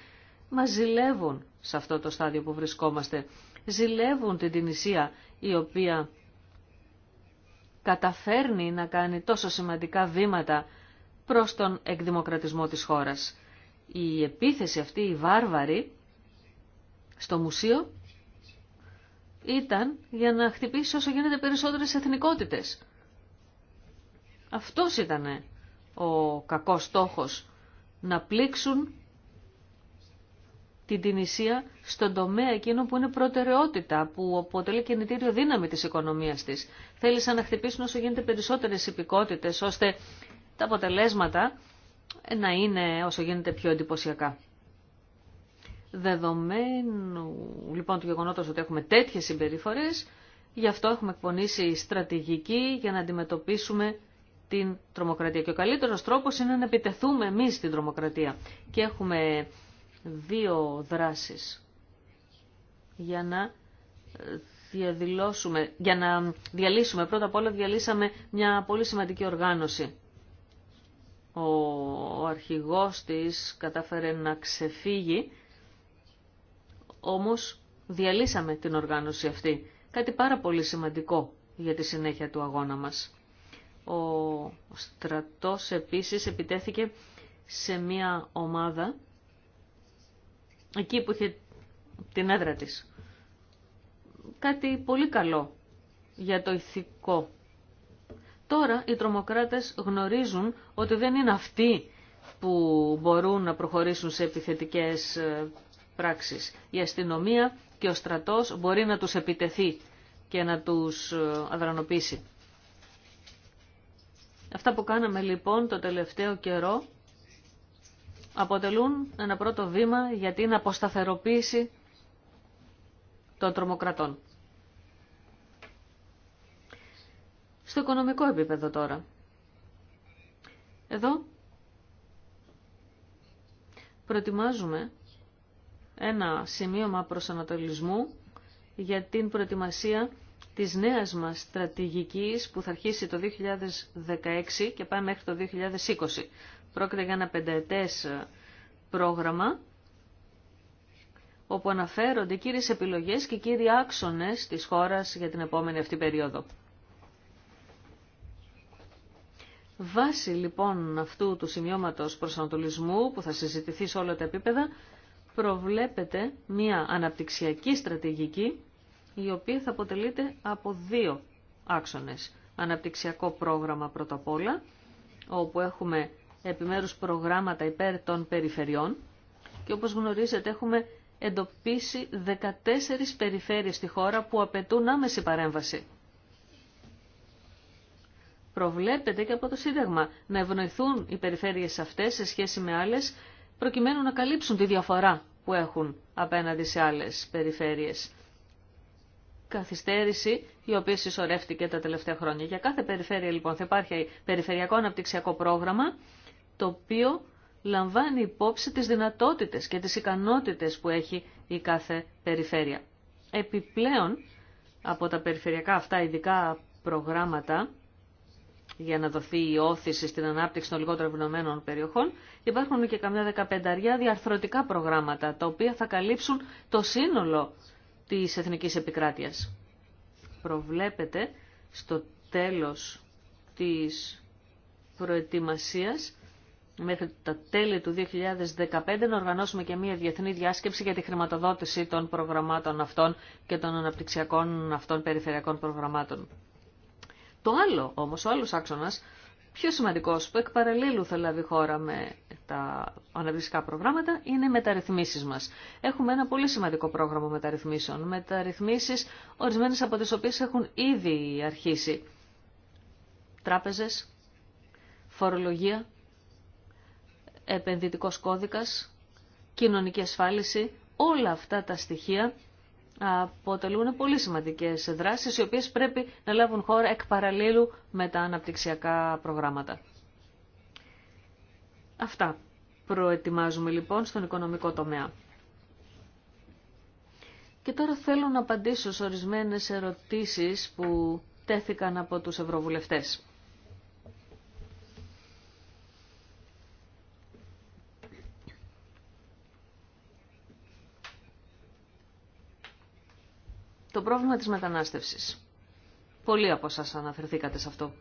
μα ζηλεύουν σε αυτό το στάδιο που βρισκόμαστε. Ζηλεύουν την Τινησία η οποία καταφέρνει να κάνει τόσο σημαντικά βήματα προς τον εκδημοκρατισμό της χώρας. Η επίθεση αυτή, η βάρβαρη, στο μουσείο ήταν για να χτυπήσει όσο γίνεται περισσότερες εθνικότητες. Αυτός ήταν ο κακός στόχος, να πλήξουν την Τινησία στον τομέα εκείνο που είναι προτεραιότητα, που αποτελεί κινητήριο δύναμη της οικονομίας της. Θέλησαν να χτυπήσουν όσο γίνεται περισσότερες υπηκότητες, ώστε τα αποτελέσματα να είναι όσο γίνεται πιο εντυπωσιακά. Δεδομένου λοιπόν του γεγονότος ότι έχουμε τέτοιες συμπεριφορές, γι' αυτό έχουμε εκπονήσει στρατηγική για να αντιμετωπίσουμε την τρομοκρατία. Και ο καλύτερος τρόπος είναι να επιτεθούμε εμείς στην τρομοκρατία. Και έχουμε δύο δράσεις για να ε, για να διαλύσουμε. Πρώτα απ' όλα διαλύσαμε μια πολύ σημαντική οργάνωση. Ο αρχηγός της κατάφερε να ξεφύγει όμως διαλύσαμε την οργάνωση αυτή. Κάτι πάρα πολύ σημαντικό για τη συνέχεια του αγώνα μας. Ο στρατός επίσης επιτέθηκε σε μια ομάδα εκεί που είχε την έδρα της. Κάτι πολύ καλό για το ηθικό. Τώρα οι τρομοκράτες γνωρίζουν ότι δεν είναι αυτοί που μπορούν να προχωρήσουν σε επιθετικές ε, πράξεις. Η αστυνομία και ο στρατός μπορεί να τους επιτεθεί και να τους ε, αδρανοποιήσει. Αυτά που κάναμε λοιπόν το τελευταίο καιρό αποτελούν ένα πρώτο βήμα για την αποσταθεροποίηση των τρομοκρατών. Στο οικονομικό επίπεδο τώρα. Εδώ προετοιμάζουμε ένα σημείωμα προσανατολισμού για την προετοιμασία της νέας μας στρατηγικής που θα αρχίσει το 2016 και πάει μέχρι το 2020. Πρόκειται για ένα πενταετές ε, πρόγραμμα όπου αναφέρονται κύριες επιλογές και οι κύριοι άξονες της χώρας για την επόμενη αυτή περίοδο. Βάσει λοιπόν αυτού του σημειώματος προσανατολισμού που θα συζητηθεί σε όλα τα επίπεδα, προβλέπεται μια αναπτυξιακή στρατηγική η οποία θα αποτελείται από δύο άξονες. Αναπτυξιακό πρόγραμμα πρώτα απ' όλα, όπου έχουμε επιμέρους προγράμματα υπέρ των περιφερειών και όπως γνωρίζετε έχουμε εντοπίσει 14 περιφέρειες στη χώρα που απαιτούν άμεση παρέμβαση. Προβλέπεται και από το Σύνταγμα να ευνοηθούν οι περιφέρειες αυτές σε σχέση με άλλες προκειμένου να καλύψουν τη διαφορά που έχουν απέναντι σε άλλες περιφέρειες. Καθυστέρηση η οποία συσσωρεύτηκε τα τελευταία χρόνια. Για κάθε περιφέρεια λοιπόν θα υπάρχει περιφερειακό αναπτυξιακό πρόγραμμα το οποίο λαμβάνει υπόψη τις δυνατότητες και τις ικανότητες που έχει η κάθε περιφέρεια. Επιπλέον από τα περιφερειακά αυτά ειδικά προγράμματα για να δοθεί η όθηση στην ανάπτυξη των λιγότερο ευνομένων περιοχών, υπάρχουν και καμιά δεκαπενταριά διαρθρωτικά προγράμματα, τα οποία θα καλύψουν το σύνολο της εθνικής επικράτειας. Προβλέπεται στο τέλος της προετοιμασίας μέχρι τα τέλη του 2015 να οργανώσουμε και μια διεθνή διάσκεψη για τη χρηματοδότηση των προγραμμάτων αυτών και των αναπτυξιακών αυτών περιφερειακών προγραμμάτων. Το άλλο όμως, ο άλλος άξονας, πιο σημαντικός που εκ θα λάβει η χώρα με τα αναπτυξιακά προγράμματα είναι οι μεταρρυθμίσεις μας. Έχουμε ένα πολύ σημαντικό πρόγραμμα μεταρρυθμίσεων. Μεταρρυθμίσεις ορισμένες από τις οποίες έχουν ήδη αρχίσει. Τράπεζες, φορολογία, επενδυτικός κώδικας, κοινωνική ασφάλιση, όλα αυτά τα στοιχεία αποτελούν πολύ σημαντικές δράσεις οι οποίες πρέπει να λάβουν χώρα εκ παραλλήλου με τα αναπτυξιακά προγράμματα. Αυτά προετοιμάζουμε λοιπόν στον οικονομικό τομέα. Και τώρα θέλω να απαντήσω σε ορισμένες ερωτήσεις που τέθηκαν από τους ευρωβουλευτές. Το πρόβλημα της μετανάστευσης. Πολλοί από σας αναφερθήκατε σε αυτό.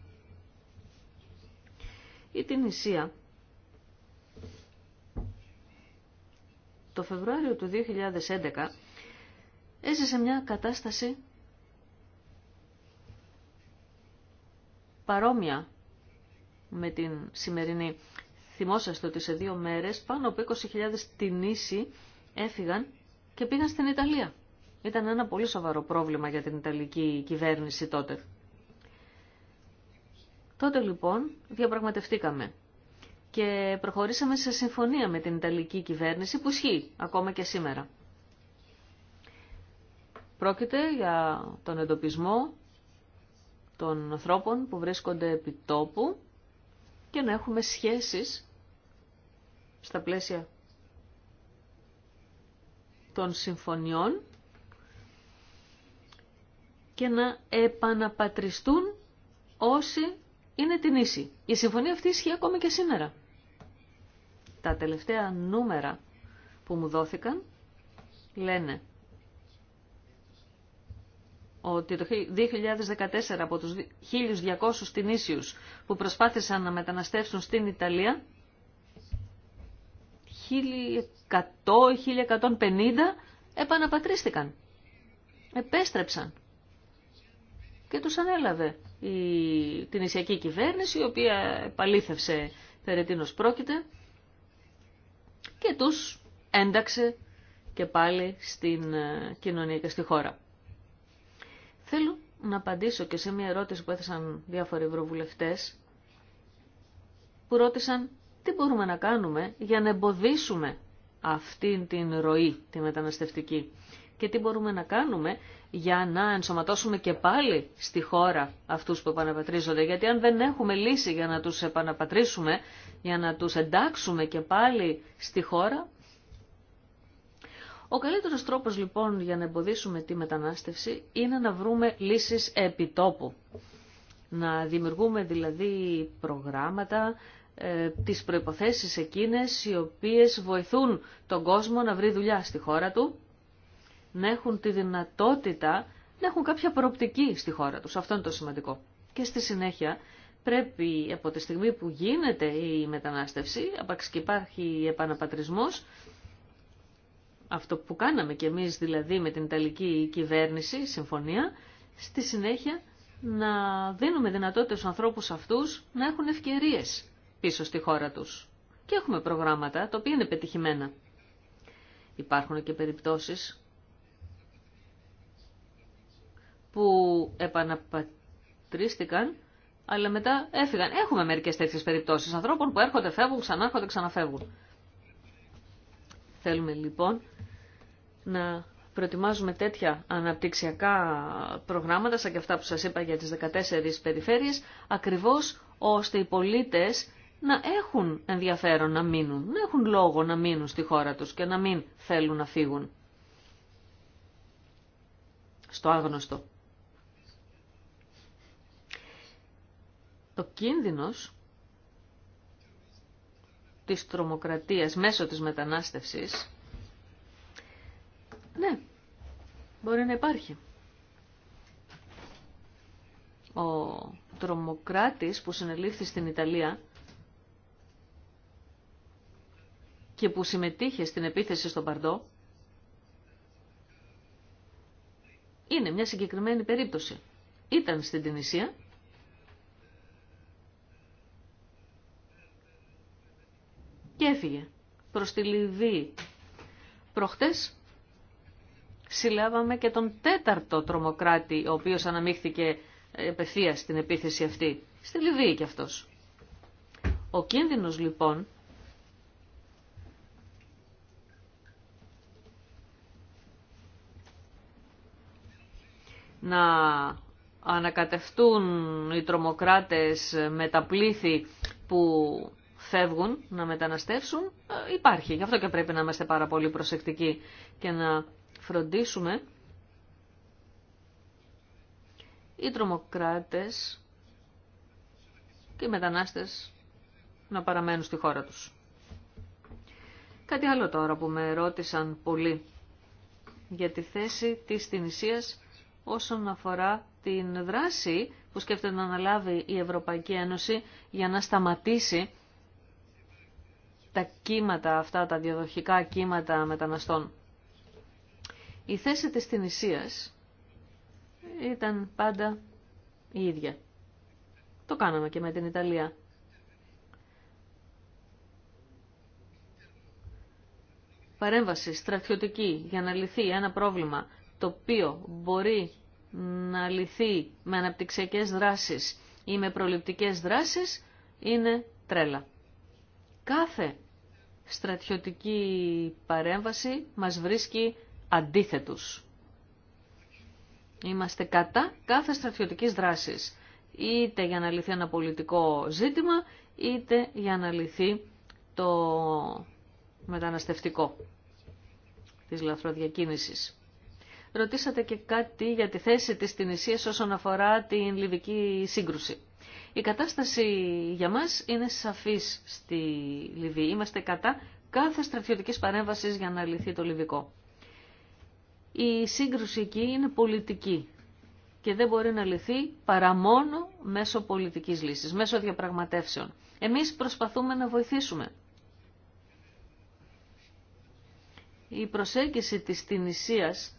Η Ισία το Φεβρουάριο του 2011 έζησε μια κατάσταση παρόμοια με την σημερινή. Θυμόσαστε ότι σε δύο μέρες πάνω από 20.000 Τινήσοι έφυγαν και πήγαν στην Ιταλία. Ήταν ένα πολύ σοβαρό πρόβλημα για την Ιταλική κυβέρνηση τότε. Τότε λοιπόν διαπραγματευτήκαμε και προχωρήσαμε σε συμφωνία με την Ιταλική κυβέρνηση που ισχύει ακόμα και σήμερα. Πρόκειται για τον εντοπισμό των ανθρώπων που βρίσκονται επί τόπου και να έχουμε σχέσεις στα πλαίσια των συμφωνιών και να επαναπατριστούν όσοι είναι την ίση. Η συμφωνία αυτή ισχύει ακόμη και σήμερα. Τα τελευταία νούμερα που μου δόθηκαν λένε ότι το 2014 από τους 1.200 ίσιους που προσπάθησαν να μεταναστεύσουν στην Ιταλία, 1.100-1.150 επαναπατρίστηκαν, επέστρεψαν και τους ανέλαβε η, την Ισιακή κυβέρνηση, η οποία επαλήθευσε περί πρόκειται και τους ένταξε και πάλι στην ε, κοινωνία και στη χώρα. Θέλω να απαντήσω και σε μια ερώτηση που έθεσαν διάφοροι ευρωβουλευτές που ρώτησαν τι μπορούμε να κάνουμε για να εμποδίσουμε αυτήν την ροή, τη μεταναστευτική και τι μπορούμε να κάνουμε για να ενσωματώσουμε και πάλι στη χώρα αυτούς που επαναπατρίζονται. Γιατί αν δεν έχουμε λύση για να τους επαναπατρίσουμε, για να τους εντάξουμε και πάλι στη χώρα... Ο καλύτερος τρόπος λοιπόν για να εμποδίσουμε τη μετανάστευση είναι να βρούμε λύσεις επιτόπου. Να δημιουργούμε δηλαδή προγράμματα, ε, τις προϋποθέσεις εκείνες οι οποίες βοηθούν τον κόσμο να βρει δουλειά στη χώρα του να έχουν τη δυνατότητα να έχουν κάποια προοπτική στη χώρα τους. Αυτό είναι το σημαντικό. Και στη συνέχεια πρέπει από τη στιγμή που γίνεται η μετανάστευση, απαξί και υπάρχει επαναπατρισμός, αυτό που κάναμε και εμείς δηλαδή με την Ιταλική κυβέρνηση, συμφωνία, στη συνέχεια να δίνουμε δυνατότητες στους ανθρώπους αυτούς να έχουν ευκαιρίες πίσω στη χώρα τους. Και έχουμε προγράμματα τα οποία είναι πετυχημένα. Υπάρχουν και περιπτώσεις που επαναπατρίστηκαν, αλλά μετά έφυγαν. Έχουμε μερικέ τέτοιε περιπτώσεις ανθρώπων που έρχονται, φεύγουν, ξανάρχονται, ξαναφεύγουν. Θέλουμε λοιπόν να προετοιμάζουμε τέτοια αναπτυξιακά προγράμματα, σαν και αυτά που σας είπα για τις 14 περιφέρειες, ακριβώς ώστε οι πολίτες να έχουν ενδιαφέρον να μείνουν, να έχουν λόγο να μείνουν στη χώρα τους και να μην θέλουν να φύγουν. Στο άγνωστο. Το κίνδυνος της τρομοκρατίας μέσω της μετανάστευσης, ναι, μπορεί να υπάρχει. Ο τρομοκράτης που συνελήφθη στην Ιταλία και που συμμετείχε στην επίθεση στον Παρδό, είναι μια συγκεκριμένη περίπτωση. Ήταν στην Τινησία και έφυγε προς τη Λιβύη. Προχτές συλλάβαμε και τον τέταρτο τρομοκράτη, ο οποίος αναμίχθηκε επευθεία στην επίθεση αυτή. Στη Λιβύη κι αυτός. Ο κίνδυνος λοιπόν να ανακατευτούν οι τρομοκράτες με τα πλήθη που φεύγουν να μεταναστεύσουν ε, υπάρχει. Γι' αυτό και πρέπει να είμαστε πάρα πολύ προσεκτικοί και να φροντίσουμε οι τρομοκράτες και οι μετανάστες να παραμένουν στη χώρα τους. Κάτι άλλο τώρα που με ρώτησαν πολύ για τη θέση της Τινησίας όσον αφορά την δράση που σκέφτεται να αναλάβει η Ευρωπαϊκή Ένωση για να σταματήσει τα κύματα αυτά, τα διαδοχικά κύματα μεταναστών. Η θέση της Τινησίας ήταν πάντα η ίδια. Το κάναμε και με την Ιταλία. Παρέμβαση στρατιωτική για να λυθεί ένα πρόβλημα το οποίο μπορεί να λυθεί με αναπτυξιακές δράσεις ή με προληπτικές δράσεις είναι τρέλα. Κάθε στρατιωτική παρέμβαση μας βρίσκει αντίθετους. Είμαστε κατά κάθε στρατιωτικής δράσης, είτε για να λυθεί ένα πολιτικό ζήτημα, είτε για να λυθεί το μεταναστευτικό της λαθροδιακίνησης. Ρωτήσατε και κάτι για τη θέση της Τινησίας όσον αφορά την Λιβική σύγκρουση. Η κατάσταση για μας είναι σαφής στη Λιβύη. Είμαστε κατά κάθε στρατιωτική παρέμβαση για να λυθεί το Λιβικό. Η σύγκρουση εκεί είναι πολιτική και δεν μπορεί να λυθεί παρά μόνο μέσω πολιτικής λύσης, μέσω διαπραγματεύσεων. Εμείς προσπαθούμε να βοηθήσουμε. Η προσέγγιση της Τινησίας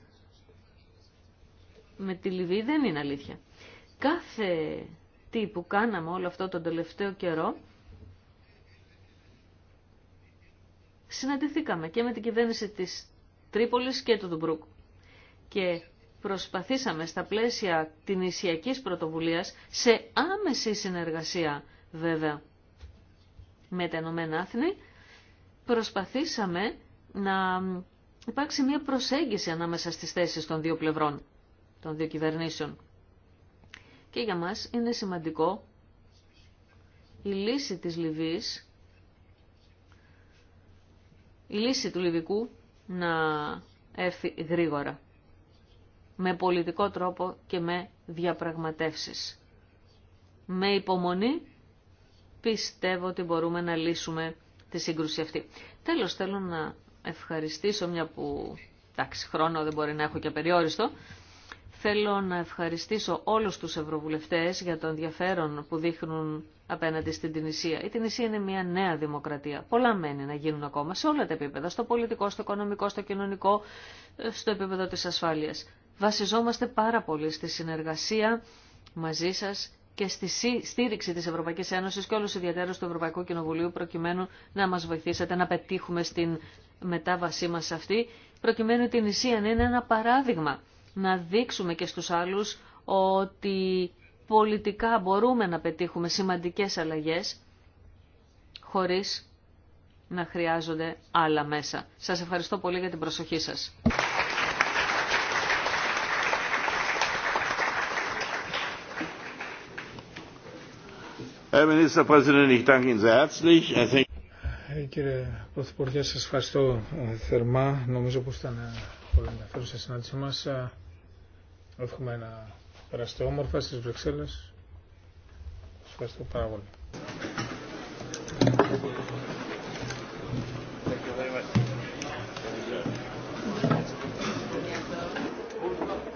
με τη Λιβύη δεν είναι αλήθεια. Κάθε αυτή που κάναμε όλο αυτό τον τελευταίο καιρό, συναντηθήκαμε και με την κυβέρνηση της Τρίπολης και του Δουμπρούκ. Και προσπαθήσαμε στα πλαίσια την Ισιακής πρωτοβουλίας σε άμεση συνεργασία βέβαια με τα Ηνωμένα Άθνη, προσπαθήσαμε να υπάρξει μια προσέγγιση ανάμεσα στις θέσεις των δύο πλευρών, των δύο κυβερνήσεων. Και για μας είναι σημαντικό η λύση της Λιβύης, η λύση του Λιβικού να έρθει γρήγορα, με πολιτικό τρόπο και με διαπραγματεύσεις. Με υπομονή πιστεύω ότι μπορούμε να λύσουμε τη σύγκρουση αυτή. Τέλος θέλω να ευχαριστήσω μια που εντάξει, χρόνο δεν μπορεί να έχω και περιόριστο. Θέλω να ευχαριστήσω όλους τους ευρωβουλευτές για το ενδιαφέρον που δείχνουν απέναντι στην Τινησία. Η Τινησία είναι μια νέα δημοκρατία. Πολλά μένει να γίνουν ακόμα σε όλα τα επίπεδα, στο πολιτικό, στο οικονομικό, στο κοινωνικό, στο επίπεδο της ασφάλειας. Βασιζόμαστε πάρα πολύ στη συνεργασία μαζί σας και στη στήριξη της Ευρωπαϊκής Ένωσης και όλους ιδιαίτερους του Ευρωπαϊκού Κοινοβουλίου προκειμένου να μας βοηθήσετε να πετύχουμε στην μετάβασή μας αυτή, προκειμένου την Ισία να είναι ένα παράδειγμα να δείξουμε και στους άλλους ότι πολιτικά μπορούμε να πετύχουμε σημαντικές αλλαγές χωρίς να χρειάζονται άλλα μέσα. Σας ευχαριστώ πολύ για την προσοχή σας. Κύριε Πρωθυπουργέ, σας ευχαριστώ ε, θερμά. Νομίζω πως ήταν ε, πολύ ενδιαφέρουσα η συνάντησή μας. Ε, Εύχομαι να περάσετε όμορφα στις Βρυξέλλες. Σας ευχαριστώ πάρα πολύ.